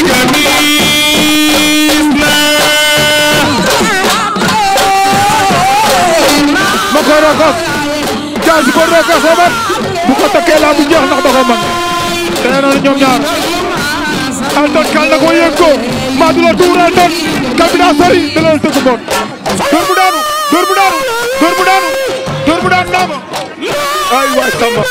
Speaker 1: ngi nii.
Speaker 4: ma koy rokas
Speaker 1: jaas bu ko rokasee man bu ko takkee laa bu jeex da ko mën nee noonu ñoom ñaar Elton na ko yëg ko du la tuur Elton kal bi la tëgg bon dóor mu daanu dóor mu daanu dóor mu ay waay Samba